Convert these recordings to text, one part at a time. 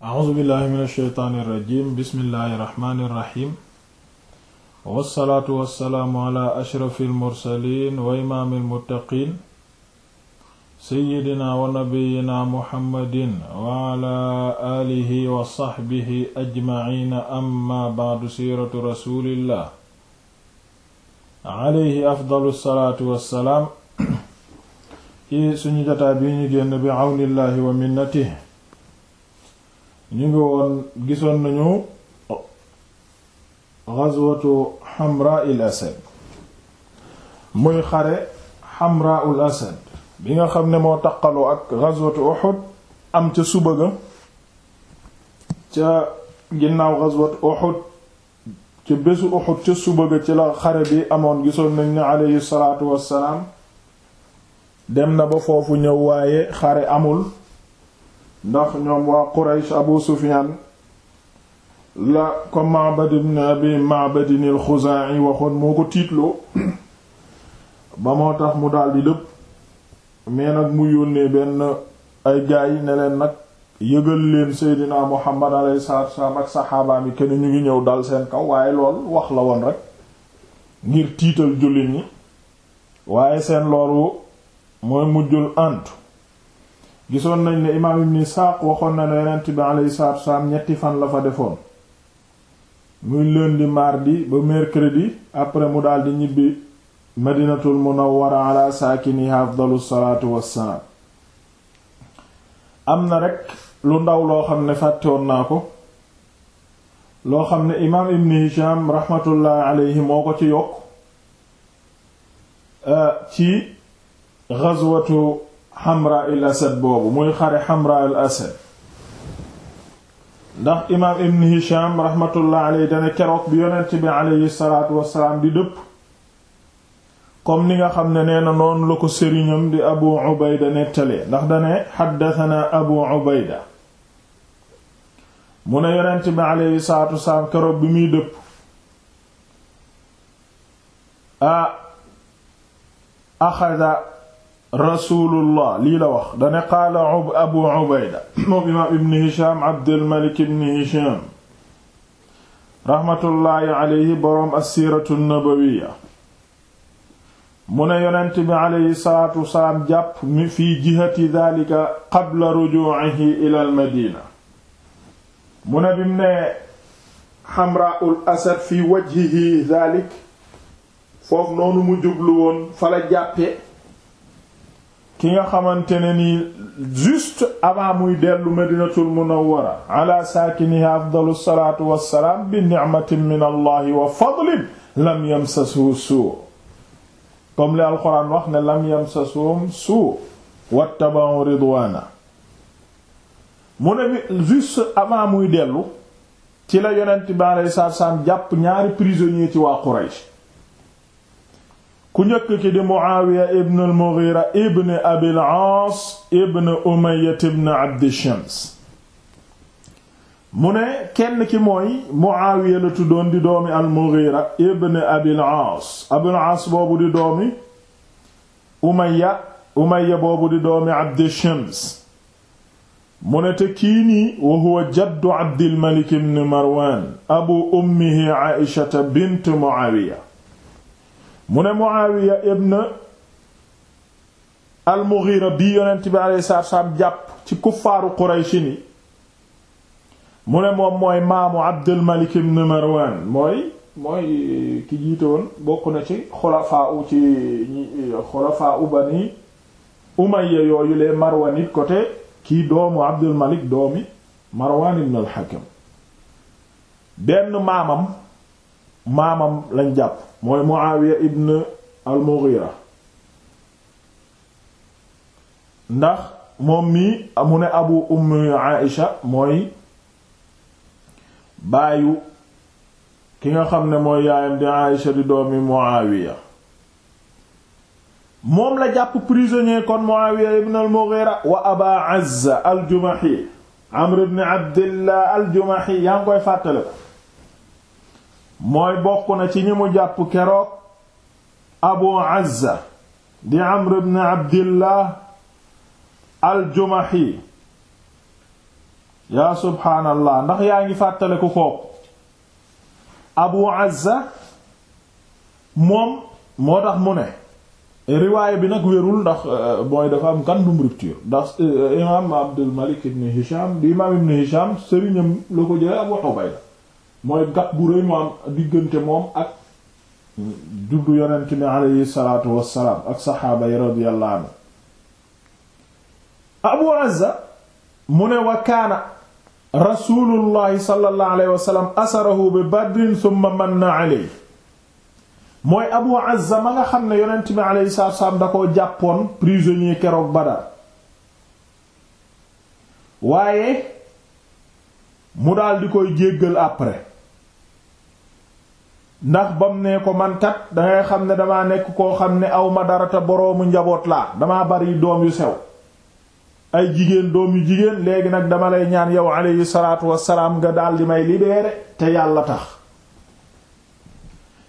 a'uuzu billahi min asheytaani irrajim bismillahi irrahmaani irrahim wassalaatu wassalaamu ala ashrafi almursalin wa imaami almuttaqin seyidina wa nabiyina muhammadin wa ala aalihi wa saxbihi ajmaciina amma bacdu siiratu rasulillah alayhi afdalu salaatu wassalaam ci suñu jataa bi ñu génn bi awnillahi wa minnatihi ñu ngi woon gisoon nañu ghazwatu Hamra il Asad muy xare Hamra ul Asad bi nga xam ne moo taqaloo ak ghazwatu Uhud am ca suba ga ca ginnaaw ghazwatu Uhud ca bésu Uhud ca suba ga ci la xare bi amoon gisoon nañ ne aleyhi salaatu wassalaam dem na ba foofu ñëw waaye xare amul ndax ñoom waa Quraysh Abu Sufyan la ko Ma'bad ibn Abi Ma'bad al waxoon moo ko tiitloo ba moo tax mu daldi lépp mais nag mu yónnee benn ay gaay ne leen nag yëgal leen Seydina Muhammad alayhi salaatu wassalaam ak saxaabaam yi kenn ñu ngi ñëw dal seen kaw waaye lool wax la woon rek ngir tiital jullit ñi waaye seen loolu mooy mujjul àntu gisoon nañ ne imaam ibn Isaaq waxoon na ne yonent bi alayhi salaatu ñetti fan la fa defoon muy lundi mardi ba mercredi après mu daldi ñibbi madinatul munawwara ala saakiniha afdalu salaatu wassalaam am na rekk lu ndaw loo xam ne fàttewoon naa ko loo xam ne imaam ibn Hisham rahmatullahi alayhi moo ko ci yokk ci ghazwatu xamra il asad boobu muy xare xamra il asad ndax imaam ibn hisham rahmatullah aley keroog bi yonent bi aleyhi salaatu wasalaam di dëpp comme ni nga xam ne nee na noonu la ko sëriñam di abu ubayda nettalee ndax dane xaddatanaa abu ubayda mu ne yonent bi aleyhi salaatu wasalaam keroog bi muy dëpp a ah, axada rasulullah lii la wax dane qaala abu ubayda moom imaam ibn hisham abdulmalik ibn hisham raxmatullaahi aleyhi boroom assiiratu nabawiya mu ne yonent bi aleyhi salaatu wasalaam jàpp mi fi jihati daalika qabla rujuuhi ilaal madina mu ne bim ne xamraa'ul asad fi wajhihi daalik foofu noonu mu jublu woon fa la jàppe ki nga xamante ne nii juste avant muy dellu madinatul munawwara ala saakinihi afdalu salaatu wassalaam bi ni'matin min allahi wa fadlin lam yamsasu suu comme li alquran wax ne lam yamsasuhum suu wattaba'u ridwaana mu ne juste avant muy dellu ci la yonent bi alayhi salaatu wassalaam jàpp ñaari prisonnier ci waa Quraysh ku njëkk ki di Muawiya ibn al ibn Abil Aas ibn Umayya ibn Abdi Shams mu ne kenn ki mooy Muawiya la tuddoon di doomi al ibn Abil Aas Abil Aas boobu di doomi Umayya Umayya boobu di doomi Abdi Shams mu ne te kii wa huwa jaddu Abdil Malik ibn Marwan abu ummihi Aisha bint Muawiya mu ne Muawiya ibn al-Mughira bii yonent bi alayhi salaatu salaam jàpp ci kuffaaru Qurayshi ni mu ne moom mooy maamu Abdul ibn Marwan mooy mooy ki jiite bokk na ci xulafaa u ci xulafaa u Bani Umayya yooyu les kii doomu Abdul Malik doomi Marwan ibn al-Hakam benn maamam maamam lañ jàpp mooy Muawiya ibn al-Mughira ndax moom mii mu ne abu ummi Aïsha mooy baayu ki nga xam ne mooy yaayam di Aïsha di doomi Muawiya moom la jàpp prisonnier kon Muawiya ibn al-Mughira wa Aba Azza al-Jumahi Amr ibn Abdillah al-Jumahi yaa ngi koy fàttale ko mooy bokk na ci ñi mu jàpp keroog abu azza di amr ibn abdillah aljumahi yaa subhaanallah ndax yaa ngi fàttaleku kooku abu azza moom moo tax mu ne riwaaya bi nag wérul ndax euh, mooy dafa am gàndum rupture ndax euh, imaam abdul malik ibn hisham di imaam ibn hisham sëriñam la ko jële abu ubayda mooy bu diggante moom ak juddu yonent bi abu azza mu ne wa kaana rasulullahi sallallahu alayhi wa nga xam ne yonent bi aleyhi salaatu wassalaam da koo jàppoon prisonnier keroog Badar waaye mu daal di koy jéggal après ndax bam nee ko man kat dangay xam ne dama nekk koo xam ne aw ma dara te boroomu njaboot laa dama bari doom yu sew ay jigéen doom yu jigéen léegi nag dama lay ñaan yow alayhi salaatu wassalaam nga daal di may libéré te yàlla tax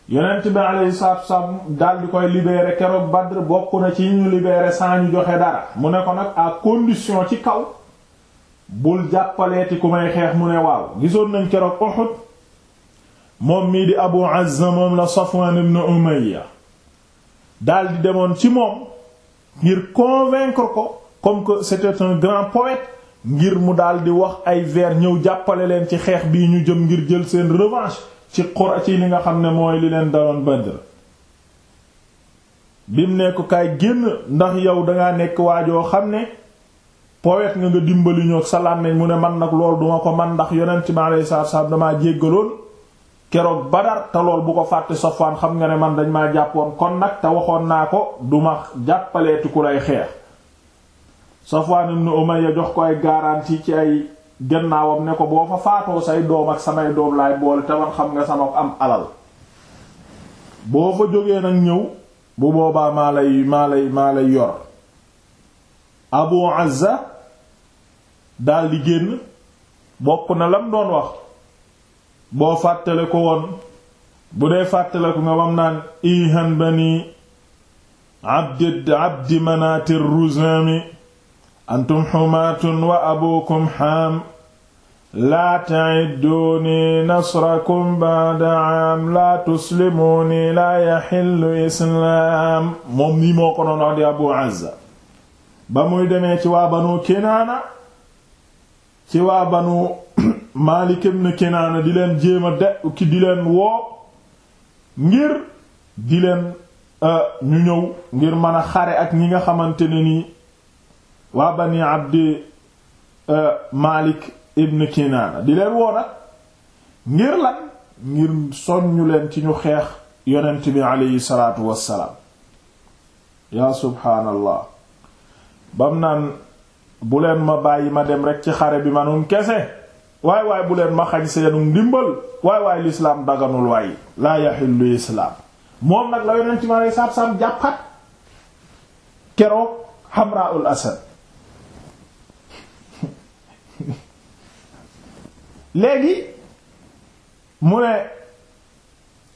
yonent bi alayhi salaatu wassalaam daal di koy libéré keroog Badr bokk na ci ñu libéré sans ñu joxe dara mu ne ko nag à condition ci kaw bul jàppaleeti ku may xeex mu ne waaw gisoon nañ keroog Uhud moom mii di abu azza moom la safwan ibn umayya daldi demoon ci moom ngir convaincre ko comme que c'était un grand poète ngir mu daldi wax ay vers ñëw jàppale leen ci xeex bii ñu jëm ngir jël seen revanche ci xora ci li nga xam ne mooy li leen daloon Badr bim ne ko kaay génn ndax yow danga nekk waajoo xam ne poète nga nga dimbali ñoo sa làmmiñ mu ne man nag lool duma ko man ndax yonent mi alayhi salaatu wa salaam damaa jéggaloon keroog Badar te lool bu ko fàtte Safwaan xam nga ne man dañ maa jàppoon kon nag te waxoon naa ko du ma jàppaleeti ku lay xeex Safwaan ibn Umayya jox ko ay garantie ci ay gannaawam ne ko boo fa faatoo say doom ak samay doom laay boole te man xam nga sama am alal boo fa jógee nag ñëw bu boobaa maa lay maa lay maa lay yor Abu Azza daldi génn bokk na lam doon wax boo fàttale ko woon bu dee fàttale ko nga wam naan ihan bani abdi abdi manaati antum xumaatun wa abukum xaam laa ta'idduuni nasrakum ba'da 'aam laa tuslimuuni laa yaxillu islaam moom nii moo ko doon di Abu Azza ba muy demee ci waa banu Kinaana ci waa banu malik ibn Kinaana di leen jéem a de ki di leen woo ngir di leen euh, ñu ñëw ngir mën a xare ak ñi nga xamante ne nii waa Bani Abdi euh, Maalik ibn Kinaana di leen woo nag ngir lan ngir soññu leen ci ñu xeex yonent bi aleyhi salaatu wassalaam yaa subhaanallah bam naan bu leen ma bàyyi ma dem rekk ci xare bi manum kese waay waaye bu leen ma xañ seenu ndimbal waay waay lislaam daganul waay laa yaxillu islaam moom nag la yonent mi aleyhi salaatu salaam jàppat keroog xamraul asad léegi mu ne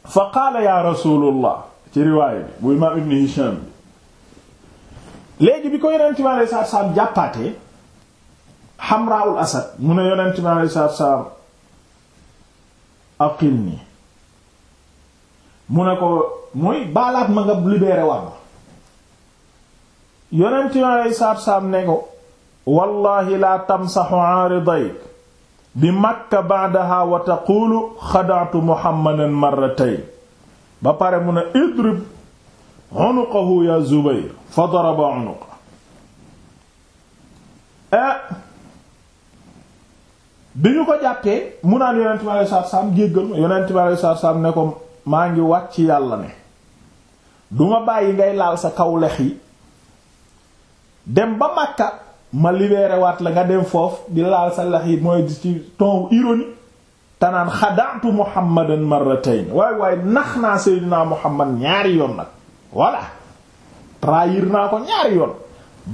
fa qaala ya rasulullah ci riwaaya bi bu imaam ibn Hisham bi léegi bi ko yonent mi aleyhi salaatu salaam jàppaatee xamraul asad mu ne yonent bi alei salaatu salaam aqil nii mu ne ko mooy baalaat ma nga libéré wax ma yonent bi alei salaatu salaam ne ko wallahi laa tamsaxu aariday bi makka baadaha wa taqulu xadaatu muhammadan marratayn ba pare mu ne idrib unuqahu ya zubayr fa daraba unuqa eh, bi ñu ko jàppee mu naan yonent bi alayhi salaatu salaam jéggal ma yonent bi alayhi salaatu salaam ne ko maa ngi wàcc yàlla ne duma bàyyi ngay laal sa kaw lex yi dem ba Makka ma libéré waat la nga dem foofu di laal sa lex yi mooy di ci ton ironie tanaan xadaatu Muhammadan marratayn waay waay nax naa Seydina Muhammad ñaari yoon nag voilà trahir naa ko ñaari yoon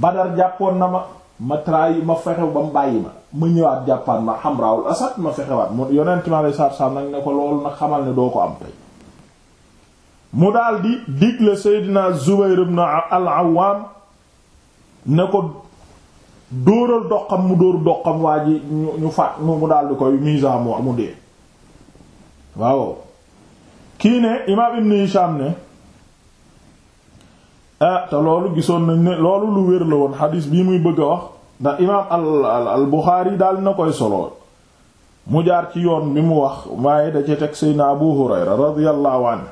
Badar jàppoon na ma ma trahi ma fexew ba mu bàyyi ma ma ñëwaat jàppaat ma xamraawul asad ma fexewaat mu yonent mi alei satu salaam nag ne ko loolu nag xamal ne doo ko am tey mu daldi digle Seydina Zubayr ibn al-Awwam ne ko dóoral doqam mu dóor doqam waa ji ñu ñu faat mu daldi koy misaam mu dee waaw kii ne imaam Ibn Hisham ne ah te loolu gisoon na ne loolu lu wér la woon xadiis bii muy bëgg a wax ndax imaam al al Buxaari daal na koy solo mu jaar ci yoon bi mu wax waaye da ci teg Seydina Abu Hurayra radiyallahu anhu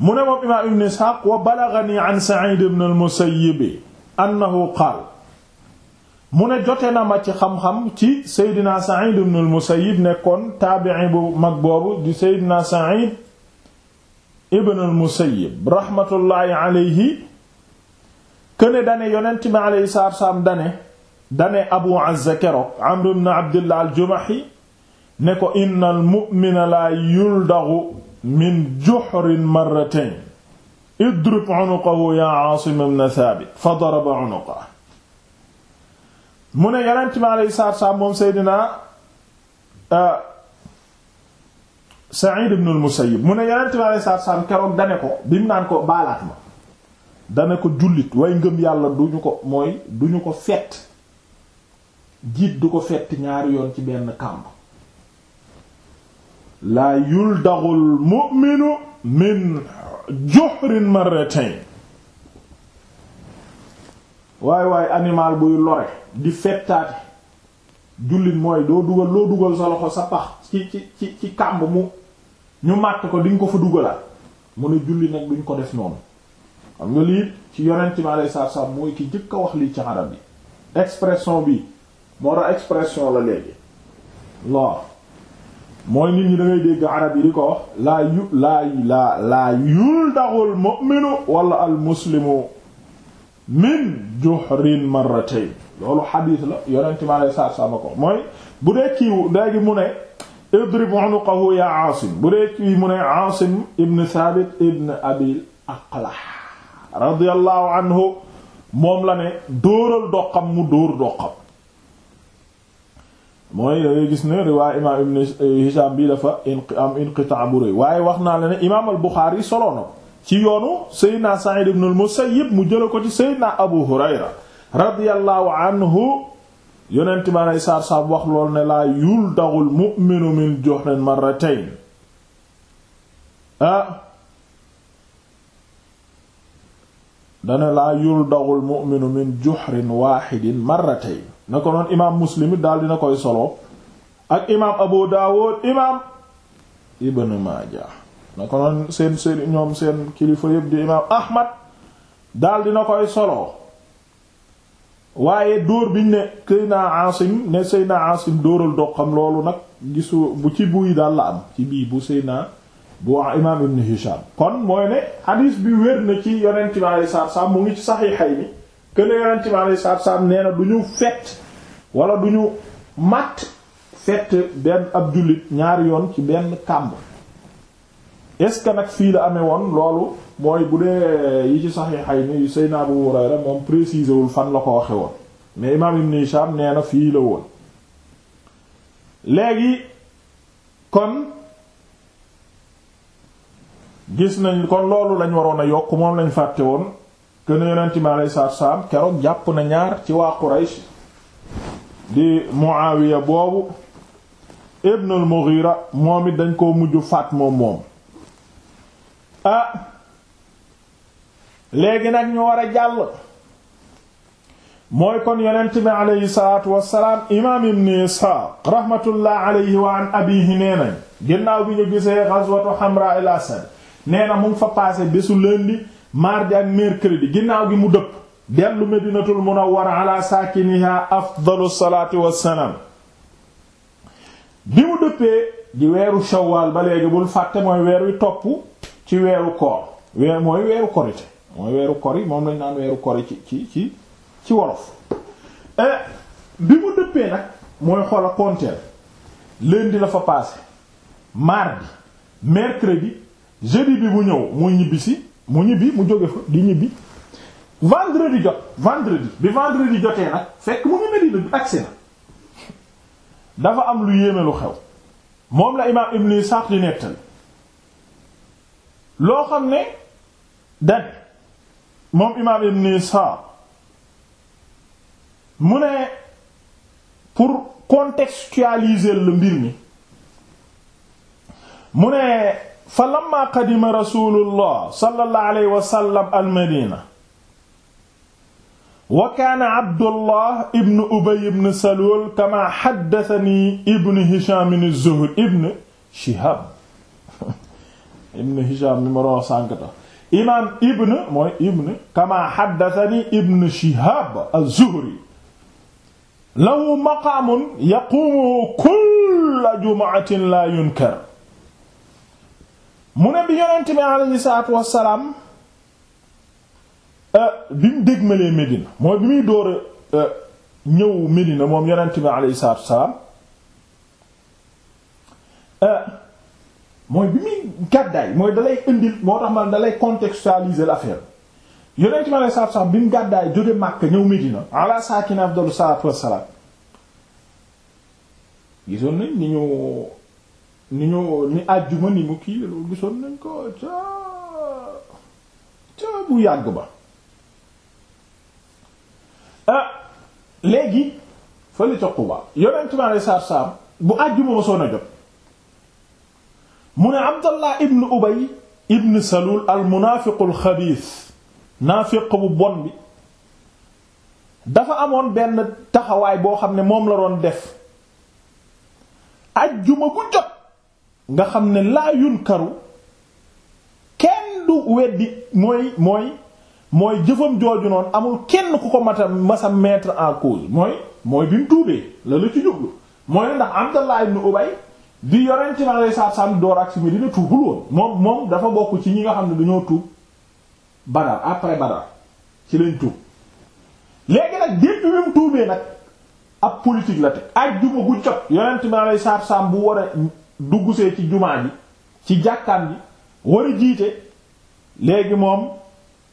mu ne moom imaam Ibn Isxaaq wa balaghani an Sa'id ibn al-Musayyib annahu qaal mu ne jote na ma ci xam-xam ci Seydina Sa'id ibn al-Musayyib nekkoon taabi'i bu mag boobu di Seydina Sa'id ibn al-Musayyib rahmatullahi alayhi këne dane yonent bi alayhi salaatu salaam dane dane Abu Azza keroog Amr ibn Abdullah al-Jumahi ne ko innal mu'mina la yuldagu min juhrin marratayn idrib unuqahu ya Asim ibn Thabit fa daraba unuqahu mu ne yonent bi alayhi salaatu salaam moom Seydina Sa'id ibn al-Musayyib mu ne yonent bi alayhi salaatu salaam keroog dane ko bi naan ko baalaat ma dane ko jullit way ngëm yàlla duñu ko mooy duñu ko fett jiit du ko fett ñaari yoon ci benn kàmb laa yuldaxul mu'minu min juhrin marratayn waay waay animal buy lore di fettaate jullit mooy doo dugal loo dugal sa loxo sa pax ci ci ci ci kàmb mu ñu màtt ko duñ ko fa dugalaat mu ne julli nag duñ ko def noonu xam nga lii ci yonent mi alayhi salaatu salaam mooy ki jëkk a wax lii ci arab yi expression bi moo tax expression la léegi waaw mooy nit ñi da dégg arab yi di ko wax laa yu laa laa laa yul daxul mu'minu wala al min juhrin marratayn loolu xadiis la yonent mi alayhi salaatu salaam ko mooy bu dee kiiwu léegi mu ne idrib unuqahu yaa Aasim bu dee ci mu ne Aasim ibn Thabit ibn Abil Aqla radiyallahu anhu moom la ne dóoral doqam mu dóor doqam mooy da ngay gis ne riwaay imaam ibn Hisham bi dafa am inqitaa bu rëy waaye wax naa la ne imaam al-Bukhari soloo na ci yoonu Seydina Sa'id ibn al-Musayyib mu jële ko ci Seydina Abu Hurayra radiyallahu anhu yonent ma nay saar wax lool ne yul daxul mu'minu juhrin marratayn ah dana yul daxul mu'minu juhrin waaxidin marratayn na ko noon imaam muslim daal dina koy solo ak imaam abu daawud imaam ibn maaja na ko noon seen seen ñoom seen kilifa yépp di imaam ahmad daal dina koy solo waaye dóor biñ ne Seyna Asim ne Seyna Asim dóoral doqam loolu nag gisu bu ci buy daal la am ci bii bu Seyna bu imaam Ibn Hisham kon mooy ne hadith bi wér na ci yonent bi alayhi salaatu mu ngi ci saxiixay mi que ne yonent bi alayhi salaatu salaam nee na du ñu fett wala du ñu matt benn ab jullit ñaari yoon ci benn kàmb. est-ce que nag fii la amee woon loolu mooy bu dee yi ci saxiixay ni Seydina Abu Hurayra moom précisé wul fan la ko waxe woon mais imaam Ibn Hisham nee na fii la woon léegi kon gis nañ kon loolu lañ waroon a yokk moom lañ fàtte woon kën a yonent jàpp na ñaar ci waa Quraysh di Muawiya boobu ibnul Mughira moom it dañ koo mujj faat moom moom ah léegi nag ñu war a jàll mooy kon yonent bi aleyhi salaatu wassalaam imaam ibn isxaaq rahmatullah aleyhi wa an abihi nee ginnaaw bi ñu gisee ghazwatu hamra al asad nee na mu ngi fa passé bésu lundi mardi ak mercredi ginnaaw gi mu dëpp dellu medinatul munawwara ala saakiniha afdalu salaatu wassalaam bi mu dëppee di weeru shawwal ba léegi bul fàtte mooy weer wi topp ci weeru koor weer mooy weeru korite mooy weeru kori moom lañ naan weeru kori ci ci ci ci wolof eh, bi mu dëppee nag mooy xoola konteel di la fa passé mardi mercredi jeudi bi bu ñëw mu ñibbisi mu ñibbi mu jóge fa di ñibbi vendredi jot vendredi bi vendredi jotee nag fekk mu ngi Medina bi agsi na dafa am lu yéeme lu xew moom la imaam Ibn Sa'd di nettal loo xam ne dañ moom imaam ibn Isaaq mu ne pour contextualiser le mbir mi mu ne fa lamma qadima rasulullah sallallahu alayhi wa sallam al madina wa kaana abdullah ibn ubay ibn salul kama haddathani ibn hisham az-zuhri ibn shihab ibn Hisham mi ma doon wax sànk tax imaam ibn mooy ibn kama xaddatani ibn Shihab az-Zuhri lahu maqaamun yaqumu kulla jumu'atin la yunkar mu ne bi yonent bi alayhi salaatu wassalaam euh, bi mu dégmalee Medina mooy bi muy dóora euh, ñëw Medina moom yonent bi alayhi salaatu wassalaam euh, mooy bi muy gàddaay mooy dalay indil moo tax ma dalay contextualiser l'affaire yonent mi aleyhi salaatu salaam bi mu gàddaay jóge Makka ñëw Medina ala saakina afdalu salaatu wassalaam gisoon nañ ni ñu ni àjjuma ni mu kii loolu gisoon nañ ko ca ca bu yàgg ba ah léegi fële ca Quba yonent mi aleyhi salaatu salaam bu àjjuma ma soon a jot mu ne abdallah ibn ubay ibn salul al munaafiqul xabiis naafiq bu bon bi dafa amoon benn taxawaay boo xam ne moom la doon def ajjuma gu jot nga xam ne laa yunkaru kenn du weddi mooy mooy mooy jëfam jooju noonu amul kenn ku ko mata masa mettre en cause mooy mooy bi mu tuubee la la ci jublu mooy ne ndax abdallah ibn ubay di yonent bi alayhi salaatu salaam door ak si Medina tuubul woon moom moom dafa bokk ci ñi nga xam ne dañoo tuub Badar après Badar ci lañ tuub léegi nag déppi bi mu tuubee nag ab politique la te ajjuma gu jot yonent bi alayhi salaatu salaam bu war a duggusee ci jumaa bi ci jàkkaan bi war a jiite léegi moom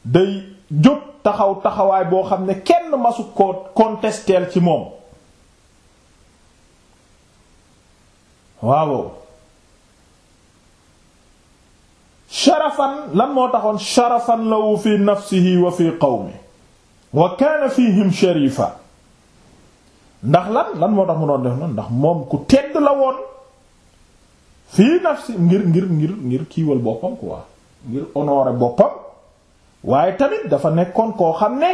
day jot taxaw taxawaay boo xam ne kenn masu ko contesteel ci moom waaw sharafan lan moo taxoon sharafan lahu fi nafsihi wa fi qawmi wa kaana fihim sharifa ndax lan lan moo tax mu doon def noonu ndax moom ku tedd la woon fii nafsi ngir ngir ngir ngir kiiwal boppam quoi ngir honorer boppam waaye tamit dafa nekkoon koo xam ne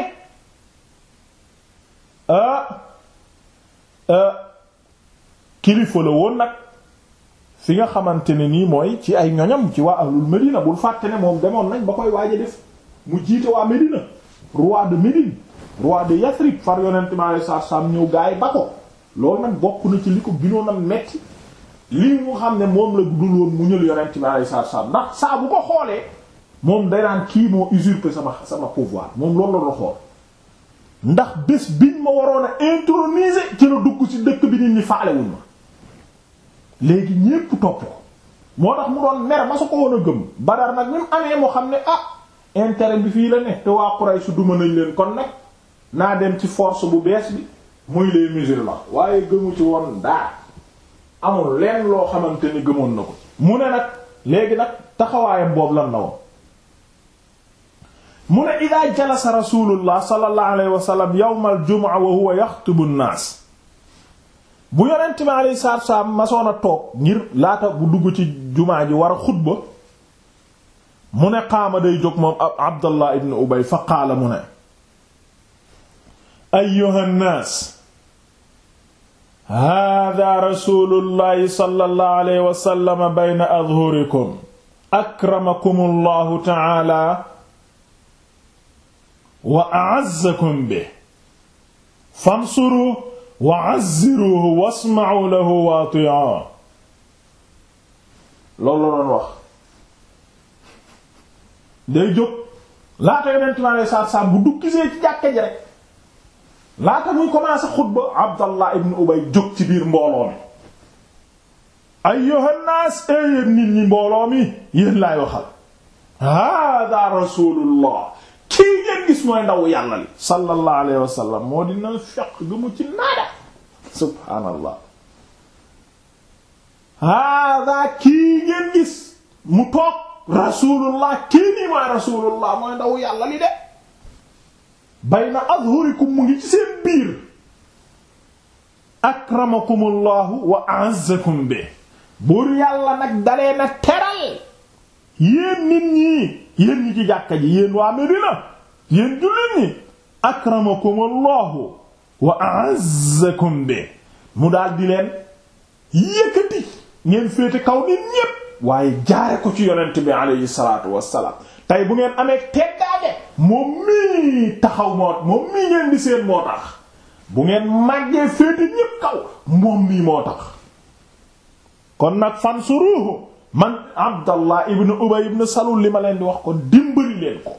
ah, ah, kilifa la woon nag si nga xamante ne nii mooy ci ay ñoñam ci waa ahlul Médina bul fàtte ne moom demoon nañ ba koy waaj a def mu jiite waa Médina roi de Médine roi de Yathrib far yonent mi alayhi salaatu ñëw gaay ba ko loolu nag bokk na ci li ko gënoon a metti lii mu xam ne moom la dul woon mu ñël yonent mi alayhi salaatu salaam ndax saa bu ko xoolee moom day naan kii moo usurpé sama sama pouvoir moom loolu la doon xool ndax bés biñ ma waroon a introniser ci la dugg ci dëkk bi nit ñi faalewuñ léegi ñépp topp ko moo tax mu doon mer ma su ko woon a gëm Badar nag ñun amee moo xam ne ah intérêt bi fii la ne te waa Quraysh duma nañ leen kon nag naa dem ci force bu bees bi muy les musulmans waaye gëmu ci woon daa amul leen loo xamante ni gëmoon na ko mu ne nag léegi nag taxawaayam boobu lan la woon mu ne idaa jalasa rasulullah sallallahu alayhi wa sallam yawmal jumu'a wa huwa yaxtubu naas bu yonent bi alayhi salaatu salaam toog laata bu dugg ci jumaa ji war a xutba mu ne qaama day jóg moom Abdallah ibn Ubay fa qaala mu ne ayyuha nnaas haadaa rasuulullahi sallallahu alayhi wa sallam bayna adhurikum akramakumullahu ta'aala wa a'azzakum bihi famsuru wa azziruhu wasma'u lahu wa ati'u loolu la wax day jóg laata yonent mi alayhi salaatu salaam bu dukkisee ci jàkka ji rek laata muy commencé xutba Abdallah ibn Ubay jóg ci biir mbooloo mi ayyuhan naas ee eh yéen nit ñi mbooloo mi yéen laay waxal haadaa rasuulullah kii ngeen gis mooy ndaw yàlla li sallallahu alayhi wa sallam moo di naafeq ga mu ci naada subhaanallah hada kii ngeen gis mu toog rasulullah kii nii mooy rasulullah mooy ndaw yàlla li de bayna azhurikum mu ngi ci seen biir akramakumullahu wa a'azzakum bi buur yàlla nag dalee na teral yéen nit ñi yéen ñi ci jàkka ji yéen waa Medina yéen jullit ñi akramakumullahu wa a'azzakum bi mu daal leen yëkkati ngeen féete kaw nit ñépp waaye jaare ko ci yonent bi alayhi salaatu wassalaam tey bu ngeen amee teggaade moom mii taxaw moom mii ngeen di seen moo tax bu ngeen màggee féete ñépp kaw moom mii moo tax kon nag fan suruhu man abdallah ibn ubay ibn salul li ma leen di wax ko dimbali leen ko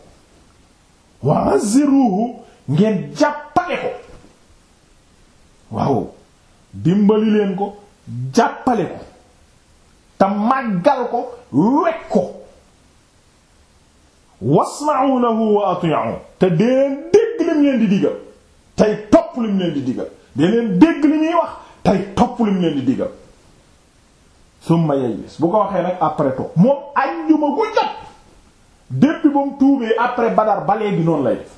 wa ngeen jàppale ko waaw dimbali leen ko jàppale ko te màggal ko wekk ko wasma'u lahu wa ati'u te dee leen dégg lim leen di digal tey topp lim leen di digal dee leen dégg li ñuy wax tey topp lim leen di digal summa yayis bu ko waxee nag après toog moom àjjuma gu jot depuis ba mu tuubee après Badar balee léegi noonu lay def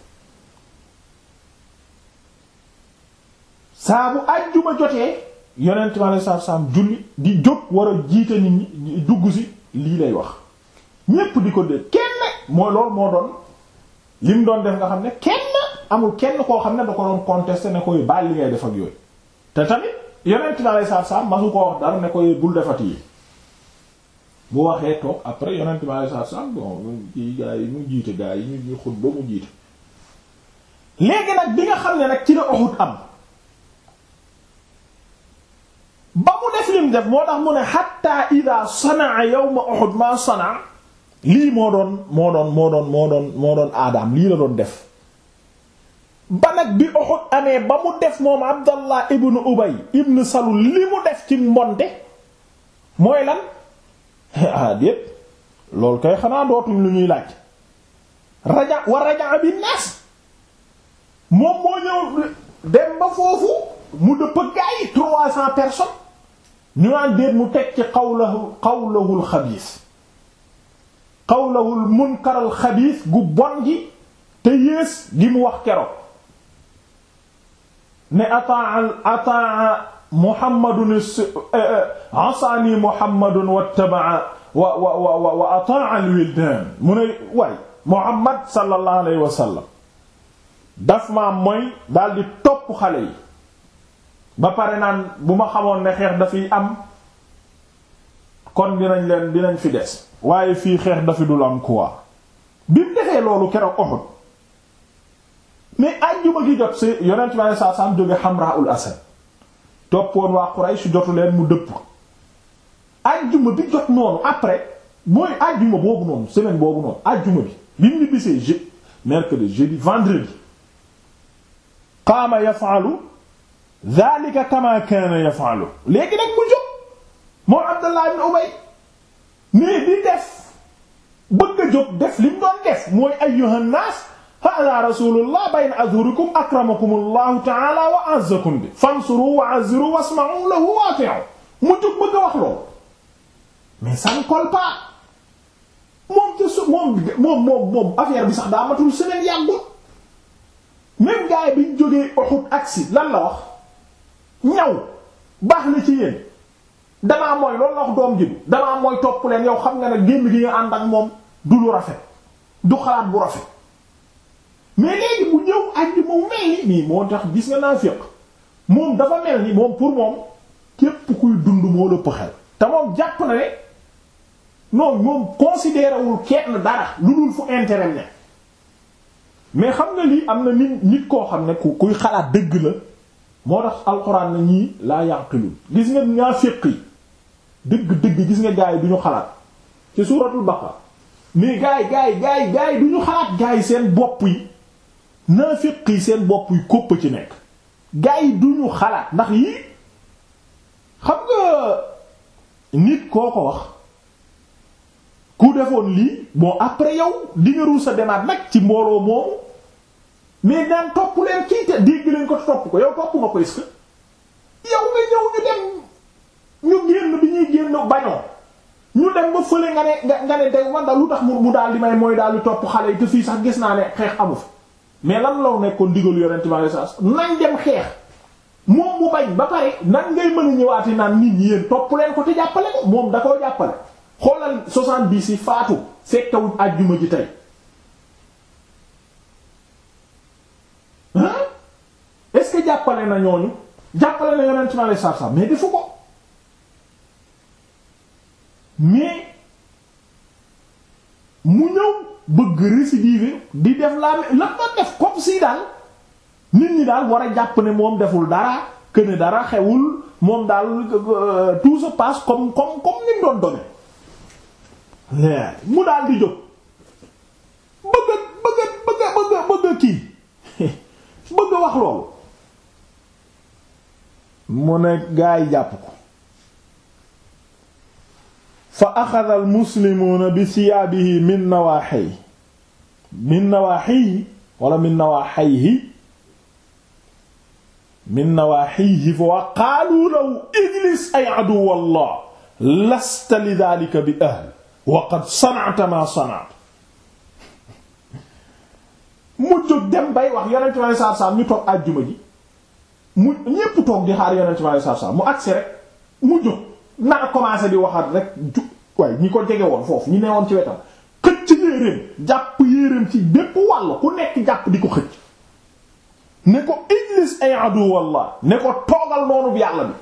saa bu àjjuma jotee yonent mi aleyhi salaatu salaam julli di jóg war a jiite nit ñi dugg si lii lay wax ñépp di ko dégg kenn mooy loolu moo doon lim doon def nga xam ne kenn amul kenn koo xam ne da ko doon contester ne koy bàyyi li ngay def ak yooyu te tamit yonent bi alayhi salaatu salaam masu koo wax dara ne koy bul defati yi bu waxee toog après yonent bi alayhi salaatu salaam bon kii gaa yi mu jiite gaa yi ñu xut ba mu jiite léegi nag bi nga xam ne nag ci la Uhud am ba mu def lim def moo tax mu ne hatta ida sanaa yawma Uhud ma sanaa lii moo doon moo doon moo doon moo doon moo doon aadaam lii la doon def ba bi Uhud amee ba mu def moom Abdallah ibn Ubay ibn Salul li mu def ci mbonte mooy lan ah déet kay xanaa dootuñ lu ñuy laaj raja wa raja bi naas moom moo ñëw dem ba foofu mu dëpp gaa trois cents personnes ñu naan mu teg ci qawlahu qawlahul xabiis qawlahul munkaral xabiis gu bon gi te yées gi mu wax keroog ne ataa ataa Muhammadun eh, eh, asaani Muhammadun wattabaa wa wa wa wa ataa al-wildaan mu ne waay Muhammad sallallahu alayhi wa sallam daf maa mooy daal di topp xale yi ba pare naan bu ma xamoon ne xeex dafiy am kon dinañ leen dinañ fi des waaye fii xeex dafi dul am quoi bi mu defee loolu keroog Uhud mais àjjuma gi jot si yonent bi aleyhi salaatu salaam jóge Hamraul Asad toppoon waa Quraysh jotu leen mu dëpp àjjuma bi jot noonu après mooy àjjuma boobu noonu semaine boobu noonu àjjuma bi bi mu ñibbisee je mercredi jeudi vendredi qaama yaf'alu dhalika kama kaana yaf'alu léegi nag mu jóg moom Abdallah ibn Ubay mais di def bëgg a jóg def li mu doon def mooy ayyuhan naas hada rasulullah bayna azhurikum akramakum allahu taala wa bi fansuru wa azziru wasma'u lahu wa mu jug bëgg a wax loolu mais ça ne colle pas moom ci su moom moom moom moom affaire bi sax daa matul semaine yàggul même aksi lan la wax ñaw baax na ci yéen damaa mooy loolu la wax doom ji damaa mooy topp leen yow xam nga ne génn gi nga ànd ak moom du lu rafet du xalaat bu rafet mais léegi mu ñëw ajju mu mel ni moo tax gis nga naafiq moom dafa mel ni moom pour moom képp kuy dund moo lëpp xel te moom jàpp na ne non moom considéré wul kenn dara lu dul fu intérêt ne mais xam nga lii am na nit nit koo xam ne ku kuy xalaat dëgg la moo tax alxuraan na ñii laa yaqilun gis nga naafiq yi dëgg-dëgg gis nga gaa duñu xalaat ci suuratul baqara mais gaa yi gaa yi gaa yi yi du xalaat gaa yi seen bopp yi naafiq yi seen bopp yu kópp ci nekk gars yi du ñu xalaat ndax yii xam nga nit koo ko wax ku defoon lii bon après yow di nga sa demaat nag ci mbooloo moomu mais daan topp leen kii te dégg leen ko topp ko yow topp nga ko est-ce que yow nga ñëw ñu dem ñu génn bi ñuy génn bañoo ñu dem ba fële nga ne nga ne tey wanda lu tax mu daal di may mooy daal di topp xale yi te fii sax gis naa ne xeex amu fa mais lan law nekkoon digal yonent ma sax nañ dem xeex moom mu bañ ba pare nan ngay mën a ñëwaati naan nit ñi yéen topp leen ko te jàppale ko moom da koo jàppale xoolal soixante bii si faatu seetawut àjjuma ji tey est-ce jàppale na ñooñu jàppale na yonent ma lay sax mais defu ko mais mu ñëw bëgg récidive di def la la ma def comme si daal nit ñi daal war a jàpp ne moom deful dara que ne dara xewul moom daal euh, tout se passe comme comme comme ni mu doon mu daal di jóg bëgg a bëgg a bëgg a bëgg a kii bëgg a wax loolu. mu ne gaa yi jàpp ko. fa axada al muslimuuna bi siyaabihi min nawaaxi min nawaaxihi wala min nawaaxihi min nawaaxihi fa wa qaalu law ijlis ay aduw allah lasta li daalika bi ahl wa qad sanata maa sanata mu jóg dem bay wax yonent bi alayhi salaatu salaam ñu toog àjjuma ji mu ñépp toog di xaar yonent bi alayhi salaatu salaam mu agsi rek mu jóg naa commencé di waxaat rek ju waaye ñi ko jege woon foofu ñi ne woon ci wetam xëcc yéeréem jàpp yéeréem ci bépp wàll ku nekk jàpp di ko xëcc ne ko ijlis ay adu wallah ne ko toogal noonu bi yàlla bi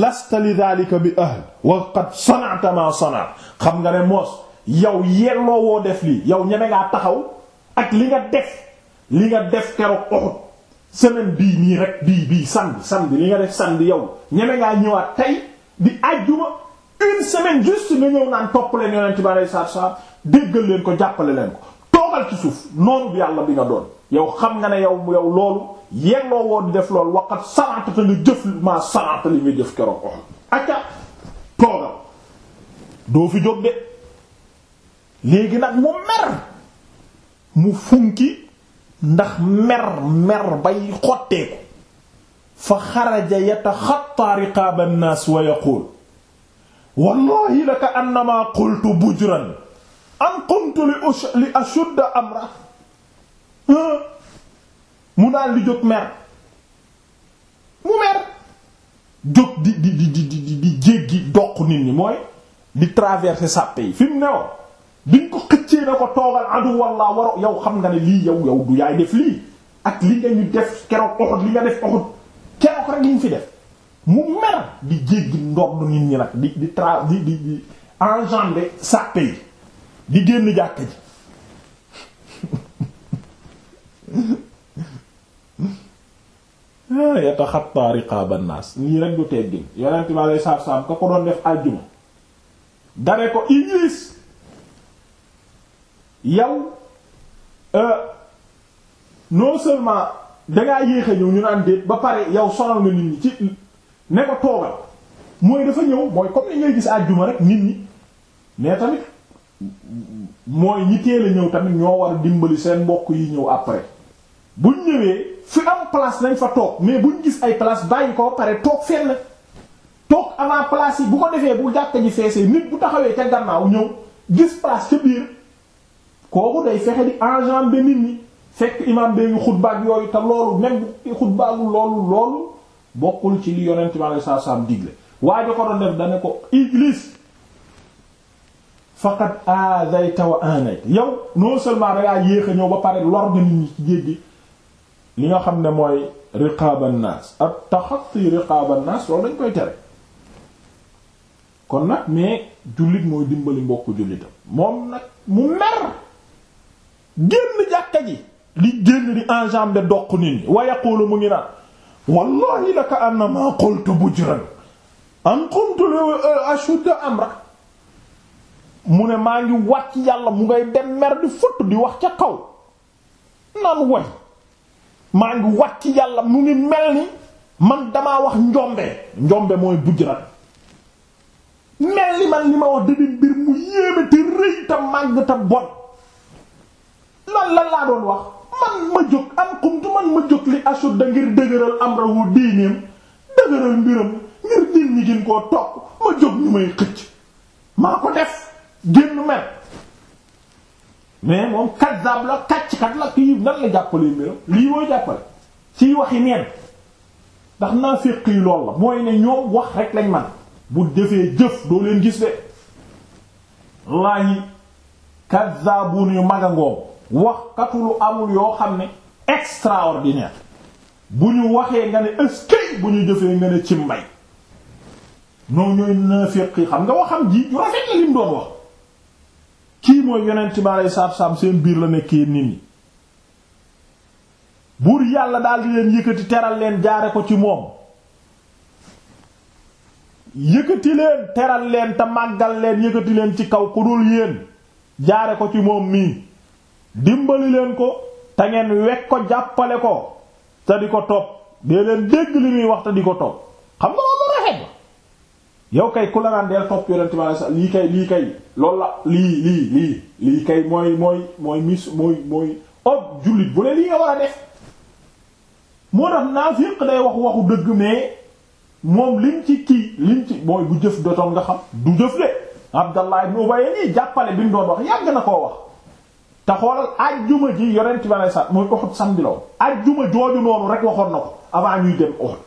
lasta li daalika bi ahl wa qad sana'ta ma sana'ta xam nga ne moos yow yelloo woo def lii yow ñeme ngaa taxaw ak li nga def li nga def keroog Uhud semaine bii nii rek bii bii samedi samedi li nga def samedi yow ñeme ngaa ñëwaat tey di àjjuma une semaine juste nga ñëw naan topp leen yonent bi alayhi salaatu salaam déggal leen ko jàppale leen ko toogal ci suuf noonu bi yàlla bi nga doon yow xam nga ne yow yow loolu yelloo woo di def loolu waqat sanata te nga jëf maa sanata li nga jëf keroog wax acca toogal doo fi jóg de léegi nag mu mer mu funki ndax mer mer bay xotteeku fa xaraja yataxatta riqaaba nnaas wa yaquul wallahi laka annama qultu bujran am qumtu li ashudda amra mu daal di jóg mer mu mer jóg di di di di di jéggi doq nit ñi mooy di traverser sàppe yi fi mu newoon biñ ko xëccee na ko toogal adu walla waro yow xam nga ne lii yow yow du yaay def lii ak li nga ñu def keroog Uhud li nga def Uhud keroog rek liñ fi def mu mer di jéggi ndodd nit ñi nag di di tra di di di engendrer sàppe yi di génn jàkk ji ah, yataxatta riqaba naas nii rek du teggin bi alei saatu salaam ko doon def àjjuma dare ko Iblis yow euh, non seulement dangaa yéex a ñëw ñu naan déet ba pare yow sonal nga nit ñi ci ne ko toogal mooy dafa ñëw mooy comme ni ngay gis rek nit ñi mais tamit mooy ñi teel a tamit ñoo war a dimbali seen mbokk yi ñëw après buñ ñëwee fi am place nañ fa toog mais buñ gis ay place bàyyi ko pare toog fenn toog avant place yi bu ko defee bu jàkka ji feesee nit bu taxawee ca gannaaw ñëw gis place ca biir. kooku day fexe di enjamber nit ñi fekk imaam bee ngi xutbaak yooyu te loolu même xutbaagu loolu loolu bokkul ci li yonent bi alayhi salaam digle waaye da ko doon def dane ko Iblis faqad aadayta wa aanayta dangaa yéex a ñëw ba pare lor nit ñi ci jéggi li nga xam ne mooy riqaaban naas ak taxatti riqaaban naas loolu dañ koy tere kon nag mais jullit mooy dimbali mbokku jullitam moom nag mu mer génn jàkka ji li génn di enjambe doq nit ñi wa yaqulu mu ngi naan wallahi laka annama qultu bujran am qultu euh, ashudda amra mu ne maa mu ngay di wax ca kaw naan way maa ngi wàcc yàlla mu ngi mel ni man damaa wax njombe njombe mooy bujran mel ni man li ma wax dadi mbir mu yéeme te rëy te màgg te bon lan lan laa doon wax man ma jóg am xumtu man ma jóg li asudda ngir dëgëral am rawu diineem dëgëral mbiram ngir nit ñi gën koo topp ma jóg ñu may xëcc maa ko def génn mer mais moom kazzab la kàcckat la kii nan la jàppalee mbiram lii woo jàppale ciy waxi neen ndax naa féq yi lool la mooy ne ñoom wax rek lañ man bu defee jëf doo leen gis de laayi kazzabun yu mag a ngoom wax katulu amul yoo xam ne extraordinaire bu ñu waxee nga ne eskay bu ñu jëfee nga ne ci mbay ñoom ñooy yi xam nga waxam ji ju rafet la lim doon wax kii mooy yonent bi alei saab seen biir la nekkee nit ñi buur yàlla daal di leen yëkkati teral leen jaare ko ci moom yëkkati leen teral leen te màggal leen yëkkati leen ci kaw ku dul yéen jaare ko ci moom nii dimbali leen ko te ngeen wekk ko jàppale ko te di ko topp dee leen dégg li muy wax te di ko topp xam nga loolu rafet la yow kay ku la naan deel topp yonent lii kay lii kay loolu la lii lii lii lii kay mooy mooy mooy mis mooy mooy ob oh, bu ne lii nga war a def moo tax naafiq day wax waxu dëgg mais moom lim ci kii lim ci mooy bu jëf dotoon nga xam du jëf de Abdallah ibn Ubay nii jàppale bi mu doon wax yàgg na koo wax te xoolal ajjuma ji yonent bi aleyhi salaam mooy Uhud samedi la woon ajjuma jooju noonu rek waxoon na ko avant ñuy dem Uhud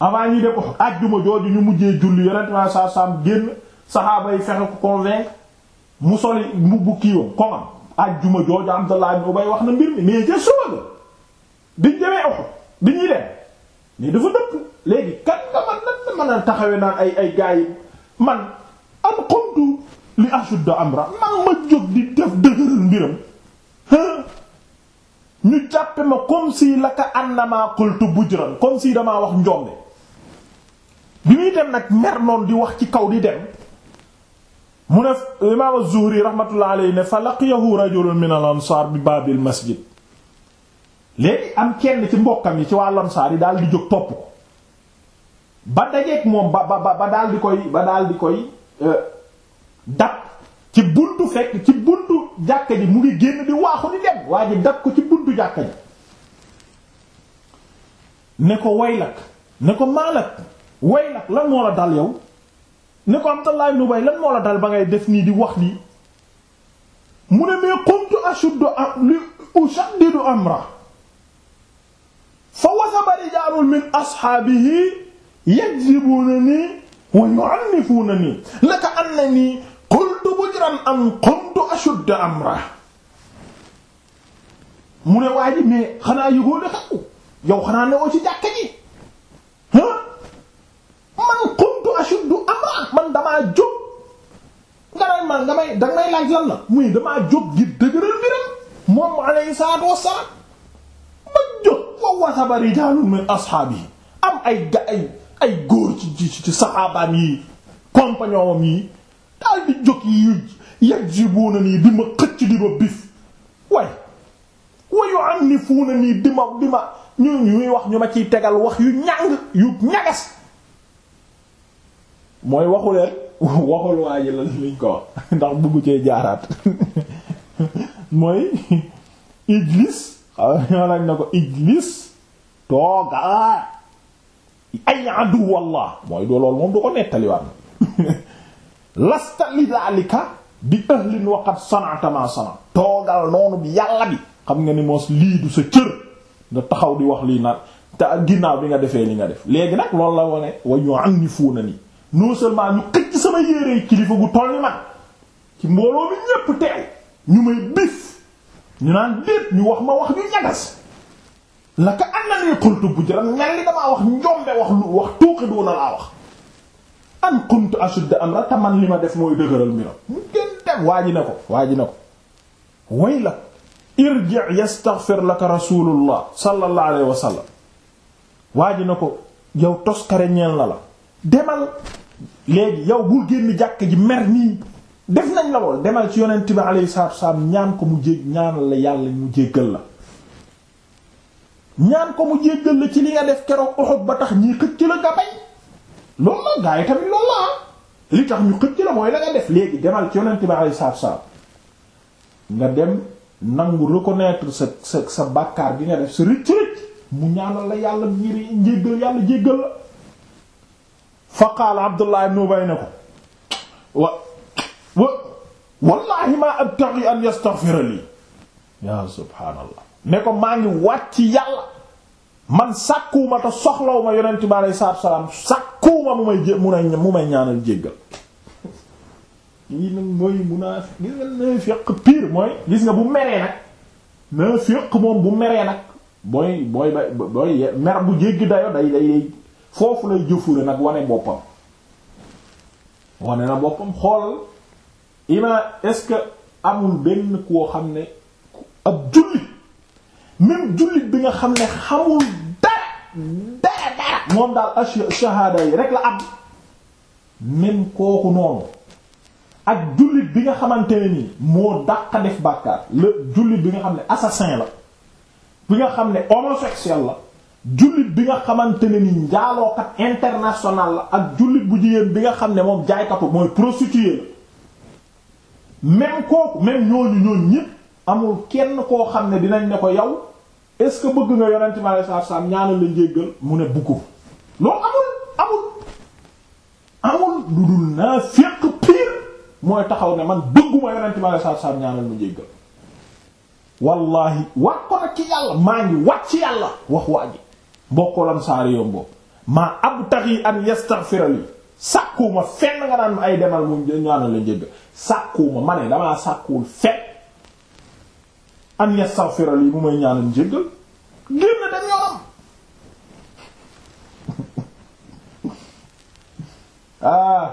avant ñuy dem Uhud ajjuma jooju ñu mujjee julli yonent bi aleyhi salaam génn saxaaba yi fexe ko convaincre mu soli mu bu ko komam ajjuma jooju Abdallah ibn Ubay wax na mbir mi mais ca suba la biñ demee Uhud bi ñuy dem mais dafa dëpp léegi kan nga man nan mën a taxawee naan ay ay gaay man am xomtu li ashudda amra man ma jóg di def dëgëral mbiram ñu jàppe ma comme si laka annama qultu bujran comme wax njombe bi muy dem nag mer noonu di wax ci kaw di dem mu ne imaam az-Zuhri rahmatullah alayhi ne fa laqiyahu rajulun min bi baabil masjid léegi am kenn ci mbokkam yi ci waa lansaar yi daal di jóg topp ko ba dajeek moom ba ba ba daal di koy ba daal di koy euh, dab ci buntu fekk ci buntu jàkka ji mu ngi génn di waaxu di dem waa ji dab ko ci buntu jàkka ji ne ko waylak ne ko maalak waylak lan moo la dal yow ne ko Abdallah ibn Ubay lan moo la dal ba ngay def nii di wax nii mu ne mais qumtu ashuddu li ushaddidu amra fa wasaba rijaalun min ashaabihi yajzibunani wa yu'annifunani laka annani wujran an mu ne waa ji xanaa yëgoo la xaw yow xanaa newoo ci jàkka ji man qumtu ashuddu amra man damaa jóg nga naan man damay may laaj lan la muy damaa jóg ngir dëgëral mbiram moom alayhi salaatu wassalaam ma jóg wa wasaba rijaalun min am ay ga góor ci ci ci saxaabaam yi compagnons yi daal di jóg yi yag ji buuna nii di ma xëcc di ma bif way wayu am ni fuuna nii di ma di ma ñuy wax ñu ma ciy tegal wax yu ñàng yu ñagas mooy waxuleen waxul waaji la liñ ko wax ndax bëggu cee jaaraat mooy ijlis xaw lañ na ko ijlis toogaar ay adu wallah mooy doo loolu moom du ko nettaliwaat lasta li bi ahlin waqad sanata ma sana toogal noonu bi yàlla bi xam nga ni moos lii du sa cër nga taxaw di wax lii nag te ginnaaw bi nga defee li nga def léegi nag lool la wone am yu'annifuna nii non seulement ñu xëcc sama yére kilifa gu toll ni man ci mbooloo mi ñépp teew ñu may bif ñu naan déet ñu wax ma wax ñu ñagas laka annani qultu bu jëram mel ni damaa wax njombe wax lu wax laa wax am kuntu ashudda amra te man li ma def mooy dëgëral mbiram ngeen dem waa ji na ko na ko way la irji yastaghfir laka rasulullah sallallahu alayhi wa sallam waa na ko yow toskare ñeel na la demal léegi yow bul génn jàkk ji mer nii def nañ la woon demal ci yonent bi alayhi salaatu wasalaam ñaan ko mu jég ñaanal la yàlla mu jéggal la ñaan ko mu jéggal la ci li nga def keroog Uhud ba tax ñii xëcc la nga loolu la gaa yi tamit loolu la ah. li tax ñu xëcc la mooy la nga def léegi demal ci bi alayhi salaatu salaam nga dem nangu reconnaître sa sa sa bàkkaar bi nga def sa rëcc rëcc mu ñaanal la yàlla ngir njéggal yàlla jéggal la fa qaala Abdullah ibn Ubay ne ko wa wa wallahi ma abtaghi an yastaghfira lii yaa subhaanallah ne ko maa ngi wàcc yàlla man sàkkuwuma te soxlawuma yonent bi aleyhi salaatu salaam mu may jé mu may mu may ñaanal jéggal lii nag mooy munaafiq gis nga naafiq pire mooy gis nga bu meree nag naafiq moom bu meree nag booy booy bu jéggi dayo day day foofu lay jëfure nag wane boppam wane na boppam xool ima est-ce que amul benn koo xam ne ab jullit même jullit bi nga xam ne xamul dara dara dara moom daal a shahaada yi rek la am kooku noonu ak jullit bi nga xamante ne nii moo dàq def bàkkaar la jullit bi nga xam ne assassin la bi nga xam ne homosexuel la jullit bi nga xamante ne ni njaalookat international la ak jullit bu jigéen bi nga xam ne moom jaaykatu mooy prostituée la même kooku même ñooñu ñooñu ñépp amul kenn koo xam ne dinañ ne ko yow est-ce que bëgg nga yonent bi alayhi salaatu salaam ñaanal la njéggal mu ne bukku loolu amul amul amul dul naa féq pire mooy taxaw ne man bëgguma yonent bi alayhi salaatu salaam ñaanal mu njéggal wallahi wat ko nag ci yàlla maa ngi wat ci yàlla wax waa ji mbokkolam saari yoom boobu maa abtaghi an yastaghfira li sàkkuma fenn nga naan ay demal mu ñaanal la njéggal sàkkuma ma ne damaa sàkkuwul fenn an yastaghfira lii mu may ñaanal njéggal génn dem yoonam ah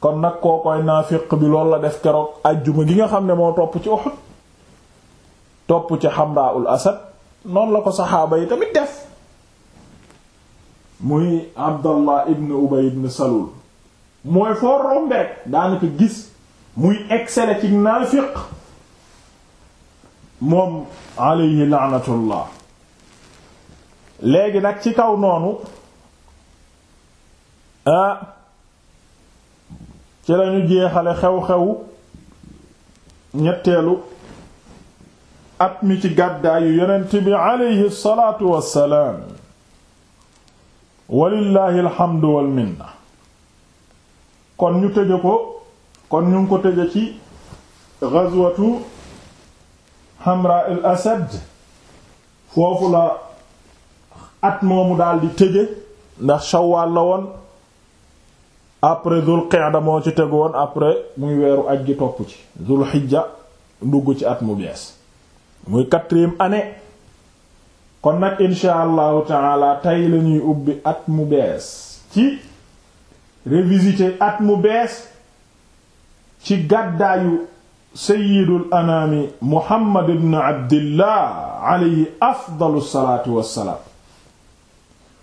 kon nag koo koy naafiq bi loolu la def keroog ajjuma gi nga xam ne moo topp ci Uhud topp ci Hamraul Asad noonu la ko saxaaba yi tamit def muy Abdallah ibn Ubay ibn Salul mooy foo rombe rek daanaka gis muy excellé ci naafiq moom alayhi laanatullah léegi nag ci kaw noonu ah ci lañu jeexale xew-xew ñetteelu at mi ci gàddaayu yonent bi alayhi salaatu wassalaam walillahi alhamdu wal minna kon ñu tëje ko kon ñu ko tëje ci ghazwatu Hamra al Asad foofu la at moomu daal di tëje ndax Shawwal la woon après Dhul Qa'da moo ci tegu woon après muy weeru aj topp ci Dhul Hijja dugg ci at mu bees muy quatrième année kon nag insha allahu taala tey la ubbi at mu bees ci révisiter at mu bees ci gàddaayu sayyidul anaami Muhammad ibn Abdillah alayhi afdalu salaatu wassalaam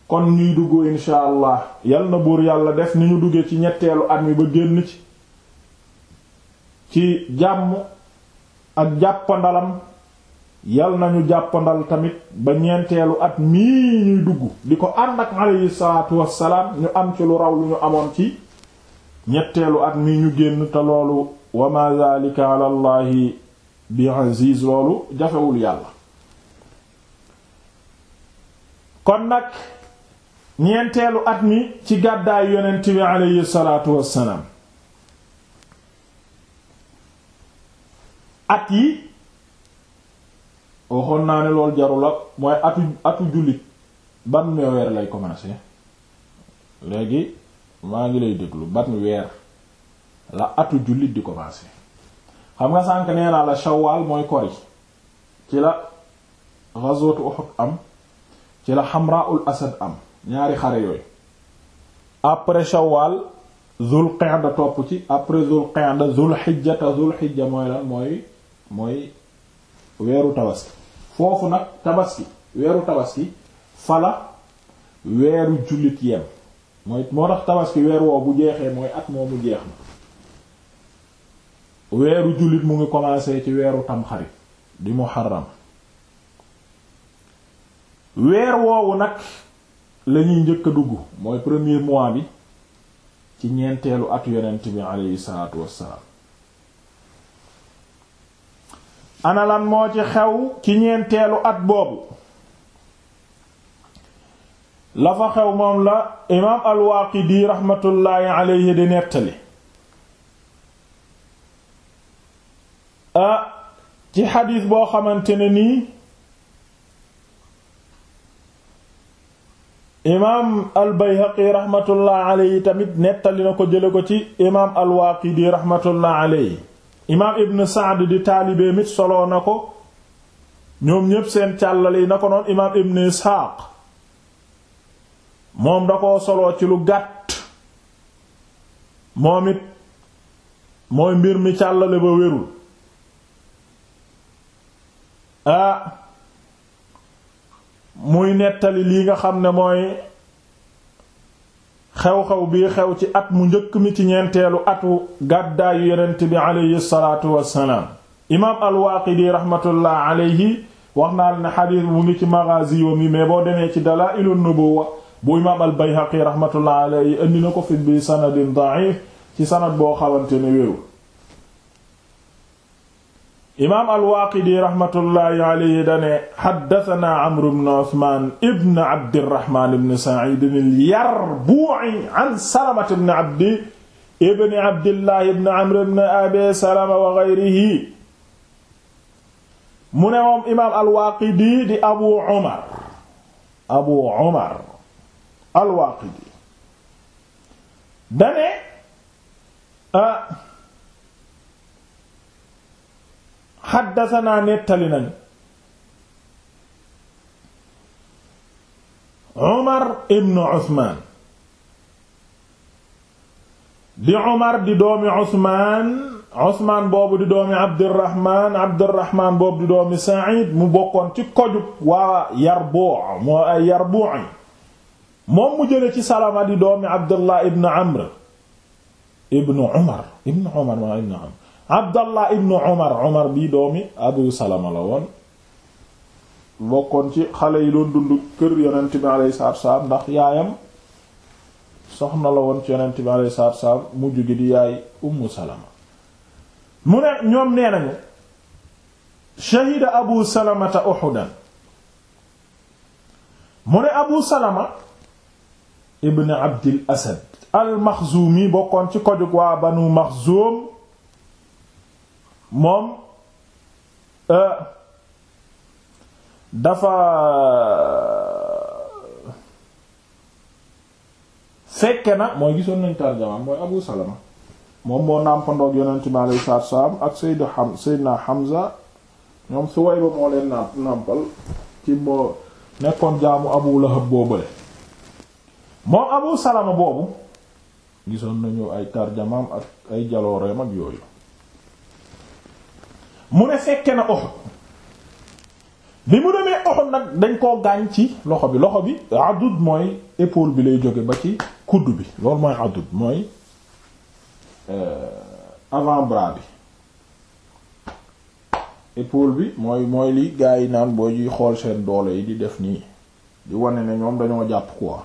kon ñuy dugg insha yal na buur yàlla def ni ñu duggee ci ñetteelu at mi ba génn ci ci jàmm ak jàppandalam yal nañu jàppandal tamit ba ñeenteelu at mii ñuy dugg di ko ànd ak alayhi salaatu wassalaam ñu am ci lu raw lu ñu amoon ci ñetteelu at mii ñu génn te loolu wa ma zalika bi aziz loolu jafewul yàlla kon nag ñeenteelu at mi ci gàddaay yonent bi aleyhi salaatu wassalaam at yi waxoon naa ne loolu jarul ak mooy atu atu jullit ban weer lay commencer léegi maa ngi lay bat mu weer la atu jullit di commencer xam nga sànk nee naa la shawaal mooy kori ci la ghazwatu Uhud am ci la Hamra'ul Asad am ñaari xare yooyu après shawaal zul qa'da topp ci après zul qa'da zul hijja te zul hijja mooy lan mooy mooy weeru tabaski foofu nag tabaski weeru tabaski fala weeru jullit yem mooy moo tax tabaski weer woo bu jeexee mooy at moomu jeex na weeru jullit mu ngi commencé ci weeru tamxarit di muharram weer woowu nag lañuy njëkk a dugg mooy premier mois bi ci ñeenteelu at yonent bi aleyhi salaatu wassalaam ana moo ci xew ci ñeenteelu at boobu la fa xew moom la imaam al-Waaqidi raxmatullaahi aleyhi di nettali ah ci xadiis boo xamante ne nii imaam al bayhaqi raxmatullah alayhi tamit nettali na ko jële ko ci imaam al waaqidi raxmatullah alayhi imaam ibn saad di taalibee mit soloo na ko ñoom ñépp seen càllale yi na ko noon imaam ibn isxaaq moom da koo soloo ci lu gàtt moom it mooy mbir mi càllale ba wérul ah muy nettali lii nga xam ne mooy xew-xew bii xew ci at mu njëkk mi ci ñeenteelu atu gàddaayu yonent bi aleyhi salaatu wassalaam imaam al-Waaqidi raxmatullah aleyhi wax naa la ne xadiis bu ngi ci magaazi yoom yi mais boo demee ci Dalaa'ilun Nubuwwa bu imaam al-Bayhaqi raxmatullah aleyhi indi na ko fi bi sanadin da'if ci sanad boo xamante ne wéewu imaam al-Waaqidi raxmatullaahi alayhi dane xaddatanaa Amru bnu Usmaan ibn Abdirahmaan ibn Saciid al-Yarbuuci an Salamata bni Abdi ibni Abdillaahi ibn Amri bni Abi Salama wa gayrihi mu ne moom imaam al-Waaqidi di Abu Umar Abu Umar al-Waaqidi dane ah, xaddasanaa nettali nañu Umar ibn Usmaan di Umar di doomi Usmaan Usmaan boobu di doomi Abdurrahmaan Abdurrahmaan boobu di doomi Saïd mu bokkoon ci kojub waa Yarbu' moo ay Yarbu'i moom mu jële ci Salama di doomi Abdullah ibn Amr ibn Umar ibn Umar ma ibn Amr abdallah ibnu omar omar bii doomi abu salama la woon bokkoon ci xale yi doon dund kër yonent bi alayhi salaatu ndax yaayam soxna la woon ci yonent bi alayhi salaatu salaam mujj gi di yaay ummu salama mu ne ñoom nee nañu shahida abu salamata uhudan mu ne abu salama ibn abdil asad al maxzuumi bokkoon ci kojug waa banu maxzuum moom euh, dafa euh, fekke na mooy gisoon nañu tarjama mooy Abu Salama moom moo nàmpandoog yonent bi alayhi salaam ak Seydou Ham Seydina Hamza ñoom Suwayba moo leen nàmpal ci moo nekkoon jaamu Abu Lahab boobale moom Abu Salama boobu gisoon nañu ay tarjamaam ak ay jalooreem ak yooyu mu ne fekke na Uhud bi mu demee Uhud nag dañ koo gaañ ci loxo bi loxo bi adud mooy épaule bi lay jóge ba ci kudd bi loolu mooy adud mooy euh, avant-bras bi épaule bi mooy mooy li gaa yi naan boo ji xool seen doole yi di def nii di wane ne ñoom dañoo jàpp quoi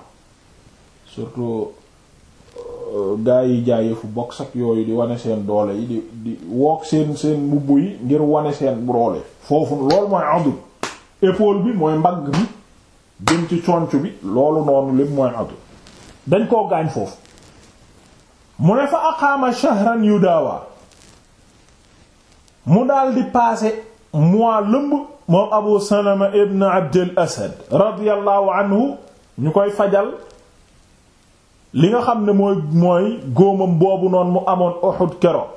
gaa yi jaay yëfu box ak yooyu di wane seen doole yi di wook seen seen mbubb yi ngir wane seen doole foofu loolu mooy adul épaule bi mooy mbagg bi jëm ci conc bi loolu noonu lépp mooy adul dañ koo gaañ foofu mu ne fa aqaama shahran yu daawa mu daal di paase mois abu salama ibn abdil asad radiyallahu anhu ñu koy fajal li nga xam ne mooy mooy góomam boobu noonu mu amoon Uhud keroog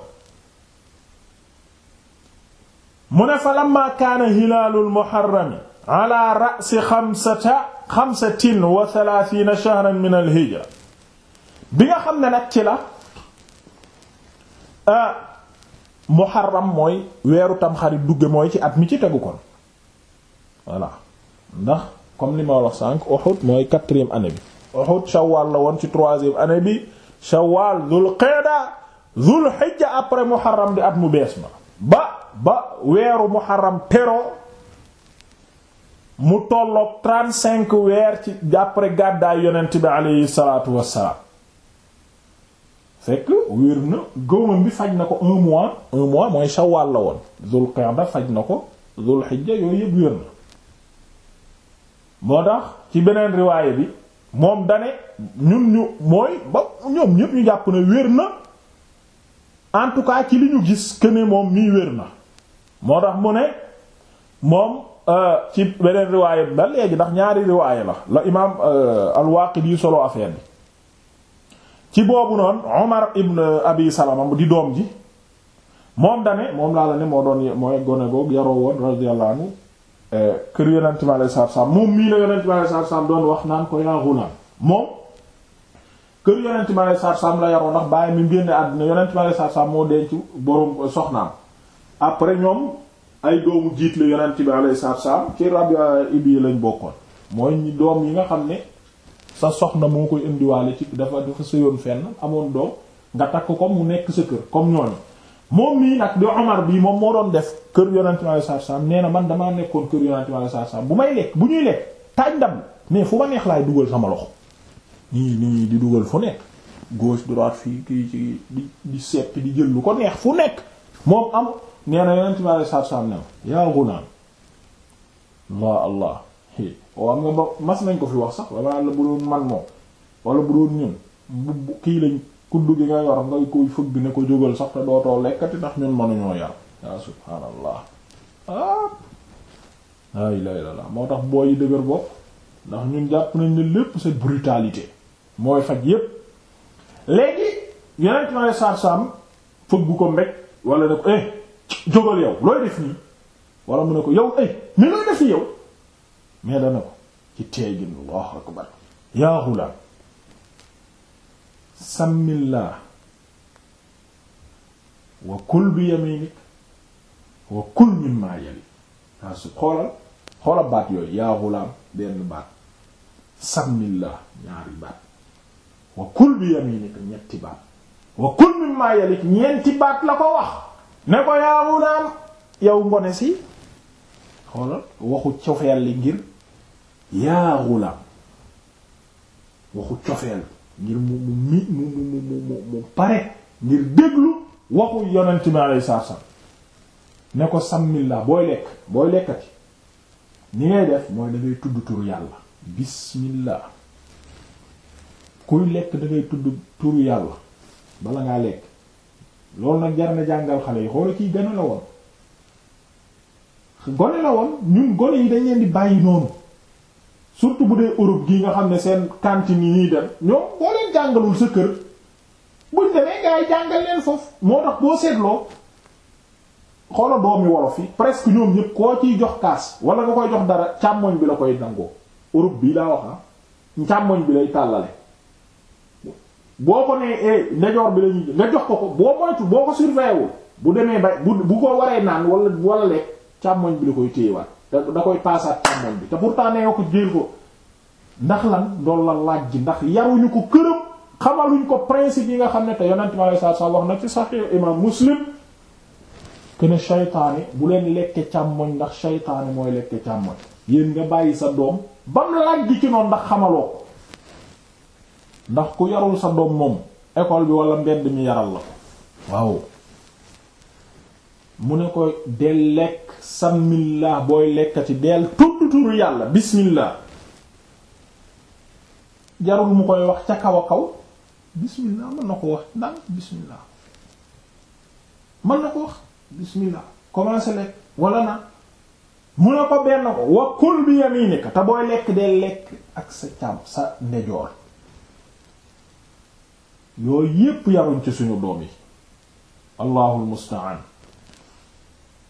mu ne fa lamma kaana hilaalul muharrami ala ra'si xamsata xamsatin wa thalaathiina shahran min al hijra bi nga xam ne nag ci la ah muharram mooy weeru tamxarit dugge mooy ci at mi ci tegu kon voilà ndax comme li ma wax sànq Uhud mooy quatrième année bi Uhud shawwal la woon ci troisième année bi shawwal dhul qa'da dhul hijja après muharram di at mu bees ma ba ba weeru muharram tero mu tolloog trente-cinq weer ci après gàddaay yonent bi aleyhi salaatu wassalaam fekk wér na gëwmam bi faj na ko un mois un mois mooy shawwal la woon dhul qa'da faj na ko dhul hijja yooyu yëpp wér na moo tax ci beneen riwaaye bi moom dane ñun ñu mooy ba ñoom ñépp ñu jàpp ne wér na en tout cas ci li ñu gis que ne moom mii wér na moo tax mu ne moom euh, ci beneen riwaaya ba léegi ndax ñaari riwaaya la la imaam euh, al-Waaqidi yi solo affaire bi ci boobu noon Umar ibn Abi Salama di doom ji moom dane moom laa la ne moo doon mooy gone goog yaroo woon radiyallahu anhu Eh, kër yonent bi alayhi salaatu salaam moom mii la yonent bi alayhi salaatu salaam doon wax naan ko yaa ghulam moom kër yonent bi alayhi salaatu salaam la yaroo ndax moo denc boroom eh, soxnaam après ñoom ay doomu jiit la yonent bi alayhi salaatu salaam ci Rabia Ibi lañ bokkoon mooy doom yi nga xam ne sa soxna moo koy indiwaale ci dafa dafa sëyoon fenn amoon doom nga takk ko mu nekk sa kër comme ñooñu moom mii nag di Omar bii moom moo doon def kër yonente mi alayhi salaatu salaam nee na man damaa nekkoon kër yonente mi alayhi salaatu salaam bu may lekk bu ñuy lekk taaj ndab mais fu ma neex laay dugal sama loxo nii nii di dugal fu nekk gauche droite fii kii ci di di sepp di jël lu ko neex fu nekk moom am nee na yonente mi alayhi salaatu salaam ne ma yaa ghulam allah allah oh, waaw am nga ba mas nañ ko fi wax sax wala la bu doon man moom wala bu doon ñun bu kii lañ kuddu gi nga yor ngay koy fëgg ne ko jógal sax te dootoo lekkati ndax ñun mënuñoo yar yaa subhaanallah ah la ilaha illallah moo tax booy yi dëgër bopp ndax ñun jàpp nañ ne lépp c'est brutalité mooy faj yépp léegi yeneen ci may saar-saam fëgg ko mbéj wala ne ko eh jógal yow looy def nii wala mu ne ko yow eh ni looy def yow mais dana ko ci teegin allahu akbar yaa xulaan sammillah wa kul bi yaminik wa kul mimma yali waa su xoolal xoolal baat yooyu yaa xulaam benn baat sammillah ñaari baat wa kul bi yaminik ñetti baat wa kul mimma yalik ñeenti baat la ko wax ne ko yaa xulaam yow ngone si xoolal waxu cofeel li ngir yaa xulaam waxu cofeel ngir mu mu mi mu mu mu mu pare ngir déglu waxu yonent bi alayhi salaatu salaam ne ko sàmmillah booy lekk booy lekkati ni ngay def mooy da ngay tudd turu yàlla bismillah kuy lekk da tudd turu yàlla bala ngaa lekk loolu nag jar na jàngal xale yi xoolal kii gën la woon gone la woon ñun gone yi dañ leen di bàyyi noonu surtout bu dee Europe gi nga xam ne seen cantine yi ñuy dem ñoom boo leen jàngalul sa kër buñ demee gars yi jàngal leen foofu moo tax boo seetloo xoola doomi wolof yi presque ñoom ñëpp koo ciy jox kaas wala nga koy jox dara càmmoñ bi la koy nangoo Europe bi laa wax ah bi lay tàllale boo ko nee eh, bi lañuy nga jox ko ko boo moytu boo bu demee bay bu ko waree naan wala wala lekk càmmoñ bi la koy téyewaat da koy paasaat càmmoñ bi te pourtant nee ko jël ko ndax lan loolu la laaj ji ndax yaruñu ko këram xamaluñ ko principe yi nga xam ne te yonent mi alei satu selaam wax na ci Sahih imam Muslim kene shaytaani bu leen lekke càmmoñ ndax shaytaani mooy lekke càmmoñ yéen nga bàyyi sa doom bam laaj ci noonu ndax xamaloo ko ndax ku yarul sa doom moom école bi wala mbedd mi yaral la ko waaw mu ne ko del lekk samillah booy lekkati del tudd turu yàlla bismillah jarul mu koy wax ca kaw a kaw bismillah mën na ko wax ndànk bismillah mën na ko wax bismillah commencé lekk wala na mu ne ko benn ko wa kul bi yaminika te booy lekk del lekk ak sa càmm sa ndejoor yooyu yépp yaruñ ci suñu doom yi allahul musta'an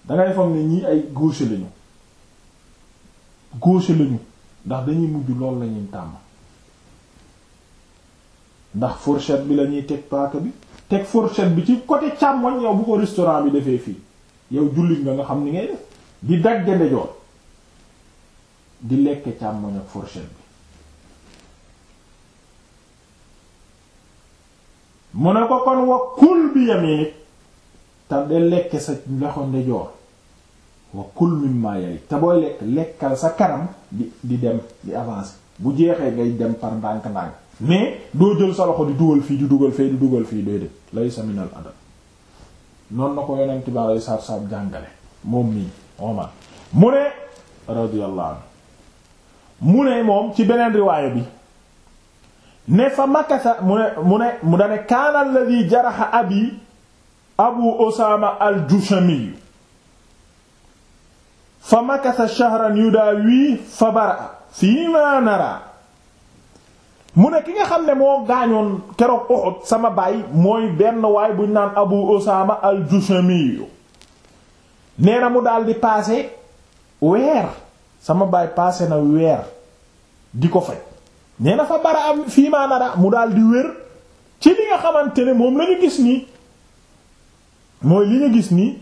dangay foog ne ñii ay gauche lañu gauche lañu ndax dañuy mujj lool lañuy tàmm ndax fourchette bi lañuy teg paaka bi teg fourchette bi ci côté càmmoñ yow bu ko restaurant bi defee fii yow jullit nga nga xam ni ngay def di dagge ndejoor di lekke càmmoñ ak fourchette bi mu ne ko kon wa kul bi yaminik te de lekke sa loxo ndejoor wa kul mimma yali te booy lekk lekkal sa kanam di dem di avancer bu jeexee ngay dem par ndànk-ndànk mais doo jël sa loxo di dugal fii di dugal fee di dugal fii doy de lay sa minal adab noonu na ko yonent bi alei saatu salaam jàngale moom nii Omar mu ne radiyallahu mu ne moom ci beneen riwaaya bi ne fa makasa mu ne mu ne mu dane kaana alladhi jaraha abi abu osama aljushami fa makasa shahran yudaawi fa bara fii ma nara mu ne ki nga xam ne moo gaañoon keroog Uhud sama baay mooy benn waay buñ naan abu osama aljushami nee na mu daal di paase weer sama baay paase na weer di ko faj nee na fa bara fii ma nara mu daal di wér ci li nga xamante ne moom lañu gis nii mooy li ñu gis nii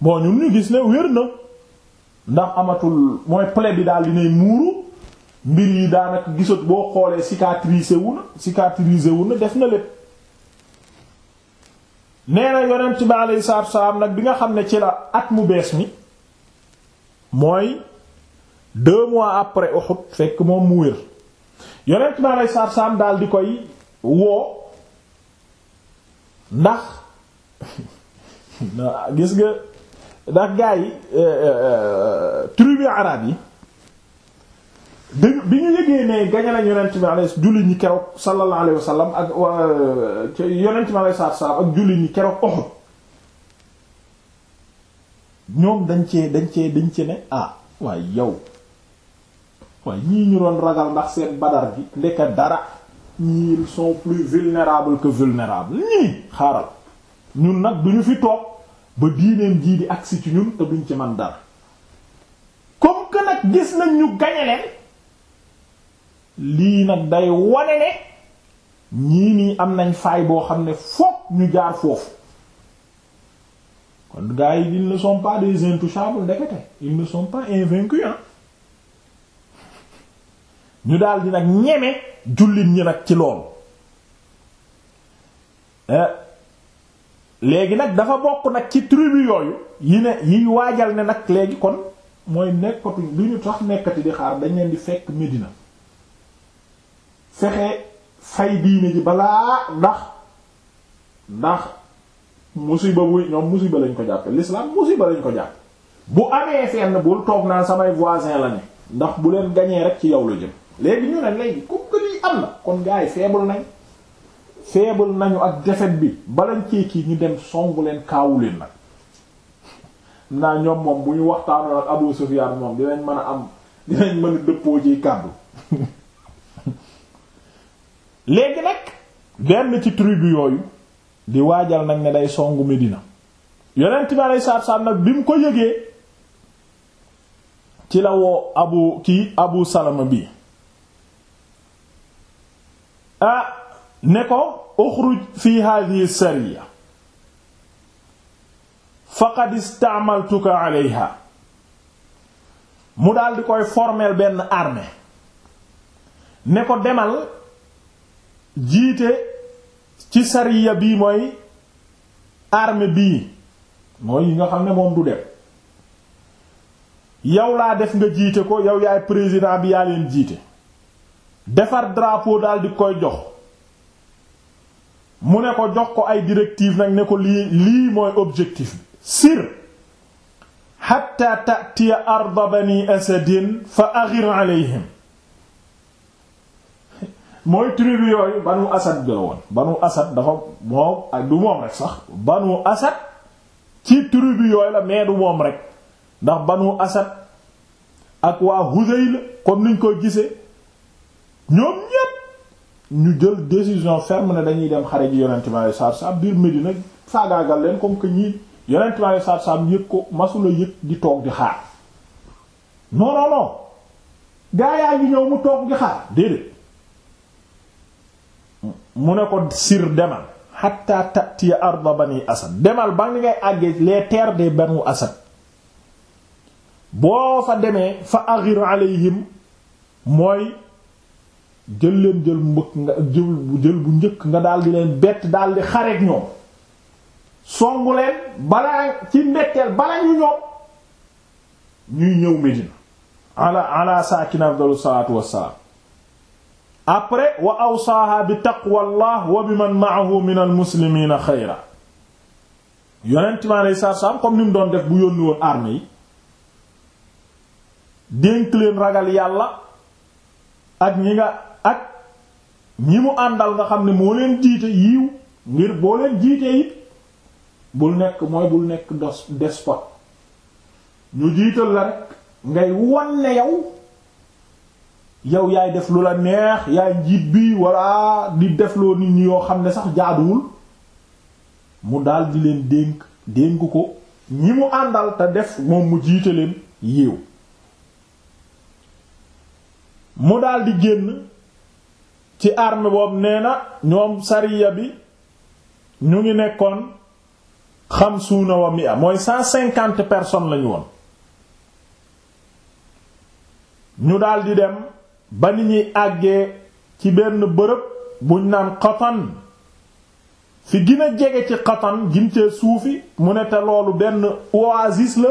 bon ñun ñu gis ne wér na ndax amatul mooy plaie bi daal dinay muuru mbir yi daanaka gisat boo xoolee cicatrisé wu na cicatrisé wu na def na lépp nee na yonent bi alayhi salaatu salaam nag bi nga xam ne ci la at mu bees mi mooy deux mois après Uhud fekk moom mu wér yonent bi alayhi salaatu salaam daal di koy woo ndax gis nga ndax gaa yi euh, euh, euh, tribu arab yi bi ñu yëgee ne gañe nañ yonent bi alayhi julli ñi keroog sallallahu alayhi wasallam ak yonent bi alayhi salaam ak julli ñi keroog Uhud ñoom dañ cee dañ cee dañ ci ne ah waaye yow waaye ñii ñu doon ragal ndax seen badar bi ndeka dara ñii ils sont plus vulnérables que vulnérables ñii xaaral ñun nag duñu fi toog ba diineen jii di agsi ci ñun te duñ ci man dara comme que nag gis nañ ñu gañe lii nag day wane ne ñii nii am nañ faay boo xam ne fokk ñu jaar foofu kon gars yi ils ne pas des intouchables ndekete ils ne sont pas invaincus hein ñu daal di nag ñeme jullit ñi nag ci loolu eh, léegi nag dafa bokk nag ci tribu yooyu yi ne yiy waajal ne nag léegi kon mooy nekkatuñ lu ñu tax nekkati di xaar dañ leen di fekk Medina fexe fay diine ji balaa ndax ndax musiba bu ñoom musiba lañ ko jàppe l'islam musiba lañ ko jàppe bu amee fenn bul toog naa samay voisin la ne ndax bu leen gañee rek ci yow lu jëm léegi ñu ne léegi comme que am na kon gars feebul nañ feebal nañu ak defet bi balañ ci kii ñu dem songu leen kaawu leen nag naa ñoom moom bu ñu waxtaan ak Abu Sufyan moom dinañ mën a am dinañ mën a dëppoo ci kàddu léegi nag benn ci tribu yooyu di waajal nag ne day songu Medina yonent bi alei saatu salaam nag bi mu ko yëgee ci la woo abu kii abu salama bi ah, ne ko uxruj fi hadhihi sariya faqad ista'maltuka alayha mu daldi koy former benn armée ne ko demal jiite ci sariya bi mooy armée bii mooy yi nga xam ne moom du dem yaw laa def nga jiite ko yow yaay président bi yaa leen jiite defar drapo daldi koy jox mu ne ko jox ko ay directive nag ne ko lii lii mooy objectif bi sir xatta tatiya arda bani asadin fa aghir alayhim mooy tribu yooyu banu asad bi la woon banu asad dafa moom ak du moom rek sax banu asad ci tribu yooyu la mais du moom rek ndax banu asad ak waa Hudayl comme niñ koy gisee ñoom ñépp ñu jël décision ferme ne dañuy dem xare ji yonente mi sar sa biir Medina faagaagal leen comme que ñii yonente mi sar sam yëg ko masula yëg di toog di xaar non non non gaa yaa ngi ñëw mu toog di xaar déedéet mu ne ko sir demal hatta tatiya arda bani asad demal ba ni ngay àggee les terres des banu asad boo fa demee fa aghir alayhim mooy jël leen jël mbëkk nga jël jël bu njëkk nga daal di leen bett daldi di xareek ñoom songu leen balaa ci mbetteel bala ñu ñoom ñuy ñëw Medina ala ala saakina afdalu salaatu wassalaam après wa awsaaha bi taqwallah wa bi man ma'ahu min al muslimiina xayra yonent mi alayhi salaatu salaam comme ni mu doon def bu yónni woon armée dénk leen ragal yàlla ak ñi nga ñi mu àndal nga xam ne moo leen jiite yiw ngir boo leen jiitee it bul nekk mooy bul nekk dos despot ñu jiital la rek ngay wan yow yow yaay def lu la neex yaay njiit bi walla di def loo nit ñi yoo xam ne sax jaaduwul mu daal leen dénk dénk ko ñi mu àndal te def moom mu jiite leen yiw mu daal génn ci arme boobu nee na ñoom sariya bi ñu ngi nekkoon xamsuuna wa mi'a mooy cent cinquante personnes lañu woon ñu daldi dem ba ni ñi àggee ci benn bërëb buñ naan Qatan fi gën a jege ci Qatan gin cee suufi mu ne te loolu benn oasis la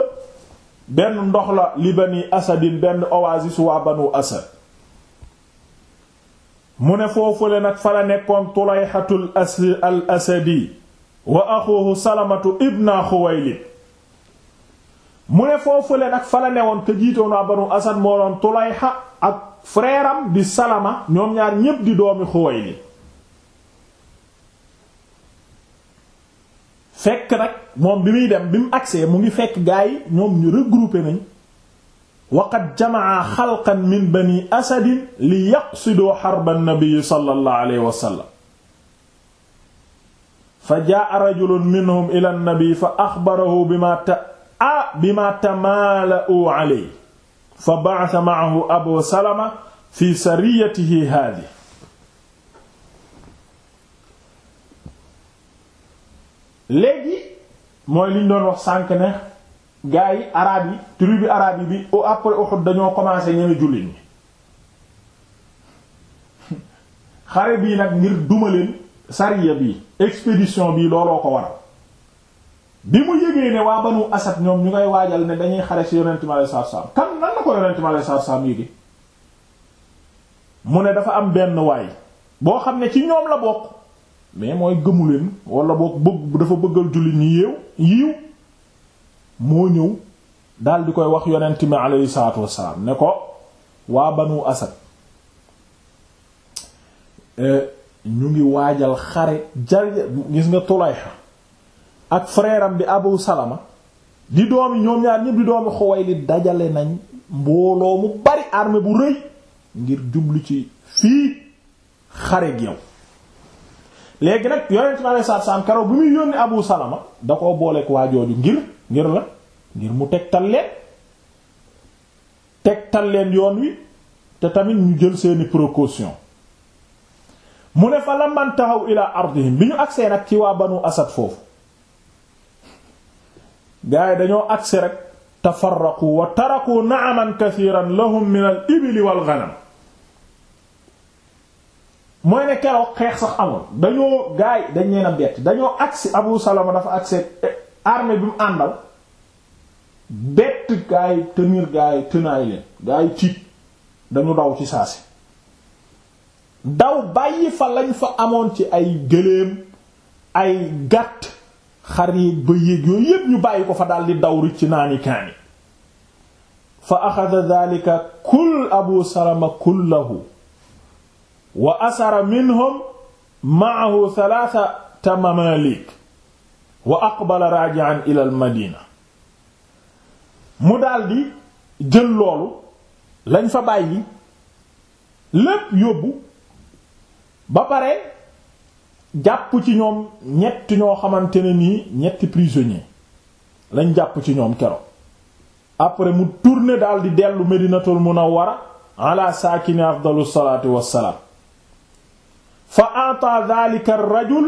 benn ndox la li bani asadin benn oasis waa banu asad mu ne foofule nag fa la nekkoon tulayxatul as al asadi wa axuhu salamatu ibna xuwaylid mu ne foofule nag fa la newoon te jiitoon waa banu asad moo doon tulayxa ak frère am di salama ñoom ñaar ñépp di doomi xuwaylid fekk nag moom bi muy dem bi mu agsee mu ngi fekk gaa yi ñoom ñu nañ waqad jamaa xalqan min bani asadin li yaqsidoo xarba nabi sallallahu alayhi wa sallam fa jaa rajulun minhum ila nabi fa axbarahu bima ta a bima tamaalau alayhi fa ba'atha ma'ahu abu salama fi sariyatihi haadihi léegi mooy liñ doon wax sànk ne gaa yi araab yi tribu araab yi bi o après Uhud dañoo commencé ñeme jullit ñi xare bii nag ngir dumaleen sariya bi expédition bii looloo ko waral bi mu yëgee ne waa banu asad ñoom ñu ngay waajal ne dañuy xare ci yonent mi alayhi salaatu salaam kan nan na ko yonent mi alayhi salaatu mu ne dafa am benn waay boo xam ne ci ñoom la bokk mais mooy gëmuleen wala bokk bëgg dafa bëggal jullit ñi yéew yiiw moo ñëw daal di koy wax yonent mi aleyhi salaatu wassalaam ne ko waa banu asad eh, ñu ngi waajal xare jar gis nga tulayxa ak frère bi abu salama di doomi ñoom ñaar ñëpp di doomi xuwaylid dajale nañ mbooloo mu bari armée bu rëy ngir jublu ci fii xare ak yow léegi nag yonent mi aleyhi salaatu wassalaam keroog bi muy yónni abu salama da koo booleek waajooju ngir ngir la ngir mu tegtal leen tegtal leen yoon wi te tamit ñu jël seeni précaution mu ne fa lamman taxaw ila ardihim bi ñu agsee nag ci waa banu asad foofu gaa yi dañoo agsi rek tafarraqu wa taraku na'aman kathiran lahum min al ibli wal ghanam mooy ne keroog xeex sax amoon dañoo gaa dañ leen a bett dañoo agsi abu salama dafa agsi eh, armée bi mu àndal bett gaa yi tenir gaa yi tenaay dañu daw ci saasi daw bàyyi fa lañ fa amoon ci ay gëléem ay gàtt xar yéeg ba yéeg yooyu yépp ñu bàyyi ko fa daldi daw ricc naani kaani fa axada daalika kul abu salama kullahu wa asara minhum maahu thalathata mamalik wa aqbala raji'an ila al madina mu daldi jël loolu lañ fa bàyyi lépp yóbbu ba pare jàpp ci ñoom ñett ñoo xamante ne nii ñetti prisonnier lañ jàpp ci ñoom kero après mu tourner daldi dellu medinatul munawwara ala saakini afdalu salaatu wassalaam fa ata dhalika rajul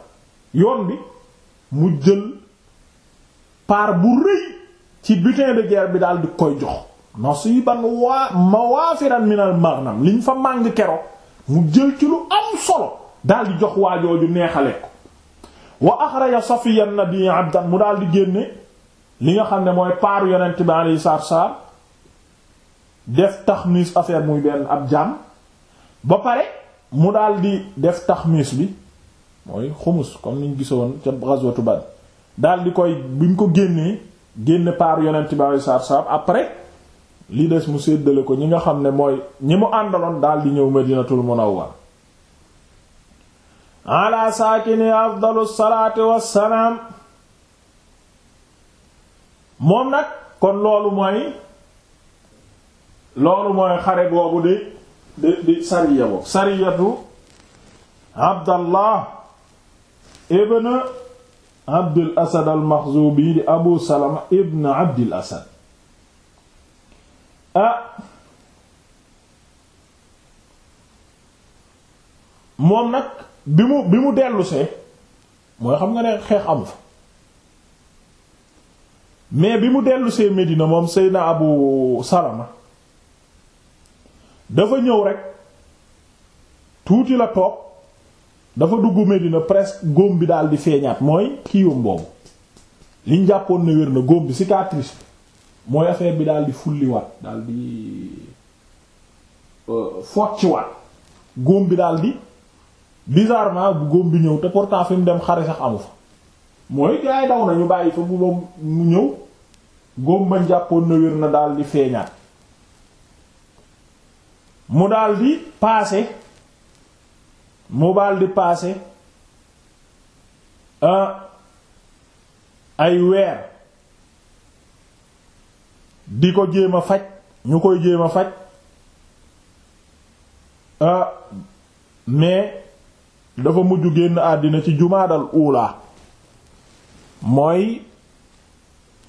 yoon bi mu jël part bu rëy ci butin de guerre bi daal di koy jox nasiban waa mawaafiran minal maghnam liñ fa màng keroog mu jël ci lu am solo daal di jox waajooju neexale ko wa axraja Safiya nabi abdan mu daal di génne li nga xam ne mooy paaru yonent bi alayhi salaatu salaam def taxmiis affaire muy benn ab jaam ba pare mu daal di def taxmiis bi mooy xumus comme niñ gisoon ca ghazwatu Badr daal di koy buñ ko génnee génn paar yonent bi alei saatu salaam après li des mu séddale ko ñi nga xam ne mooy ñi mu àndaloon daal di ñëw Madinatul Munawwar ala saakini afdalu salaati wassalaam moom nag kon loolu mooy loolu mooy xare boobu di di di sariyatu sariyatu abdallah ibn abdul asad al maxzubi di abu salama ibn abdul asad ah moom nag bi mu bi mu dellusee mooy xam nga ne xeex amu fa mais bi mu dellusee Medina moom Seydina Abu Salama dafa ñëw rek tuuti la toog dafa dugg Medina presque góom bi daal di feeñaat mooy kiiwam boobu liñ jàppoon ne wér na góom bi cicatrice bi mooy affaire bi daal di fulliwaat daal di euh, focciwaat góom bi daal di bizarrement bu góom bi ñëw te pourtant fi dem xare sax amu fa mooy gaay daw nañu bàyyi fa bu ba mu ñëw góom bañ jàppoon ne wér na daal di feeñaat mu daal di paase mu baal di paase ah, ay weer di ko jéem a faj ñu koy jéem a faj ah, mais dafa mujj génn àddina ci jumaadal uulaa mooy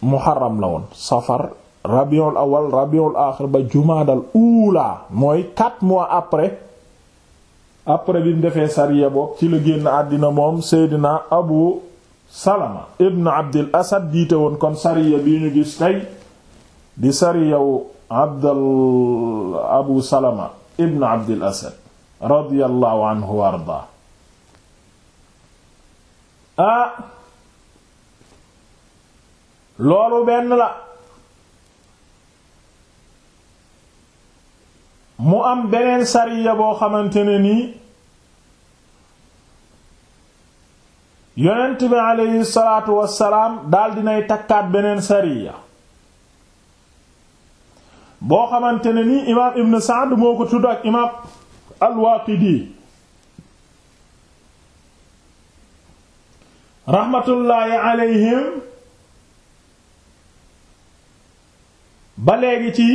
muharram la woon safar rabiul awal rabiul aaxir ba jumaadal uulaa mooy quatre mois après après bi mu defee sariya bopp ci la génn àddina moom seydina abu salama ibn abdil asad jiite woon kon sariya bi ñu gis tey di sariyawu abdal abu salama ibn abdil asad radiyallahu anhu wa ardaa ah loolu benn la mu am beneen sariya boo xamante ne nii yonent bi aleyhi salaatu wassalaam daal dinay takkaat beneen sariya boo xamante ne ni imaam ibn Saad moo ko tudd ak imaam al raxmatullaahi aleyhim ba léegi ci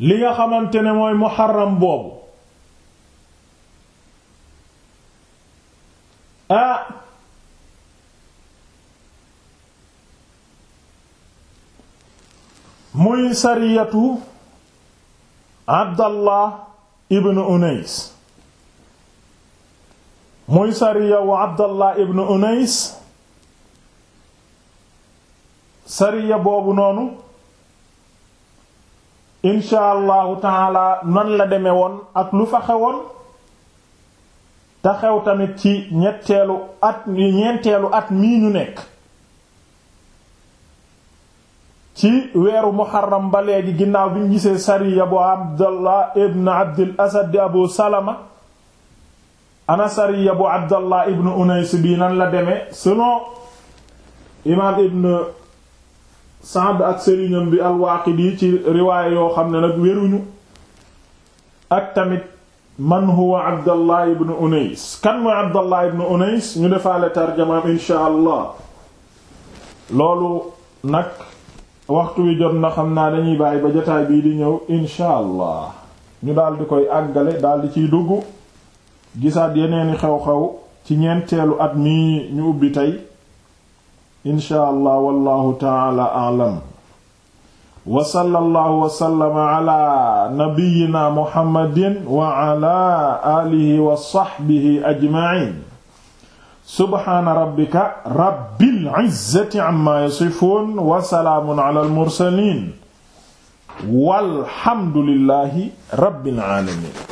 li nga xamante ne mooy muharram boobu ah muy sariyatu abdallah ibn unays muy sariya wu abdallah ibn unays sariya boobu noonu insha allahu taala nan la demee woon ak lu fa xewoon ta xew tamit ci ñetteelu at ñeenteelu at mii ñu nekk ci weeru muharram ba léegi ginnaaw bi ñu gisee sariya bu abdallah ibn abdil asad abu salama ana sariya bu abdallah ibn unays bii nan la deme selon imaam ibn Saad ak sëriñam bi al-Waaqidi ci riwaaya yoo xam ne nag wéruñu ak tamit man huwa Abdallah ibn Unays kan mooy Abdallah ibn Unays ñu defaale tarjamaam insha loolu nag waxtu wi jot na xam naa dañuy bàyyi ba jotaay bii di ñëw insha ñu daal di koy àggale daal di ciy dugg gisaat yeneeni xew-xew ci ñenteelu at mi ñu ubbi tey incha allah wallahu taala alam wa sallallahu wa sallama ala nabiyyina muhammadin wa ala alihi wa sahbihi ajma'in subhaana rabbika rabbil izzati amma yasifun wa salaamun ala al mursalin walhamdulillahi rabbil alamin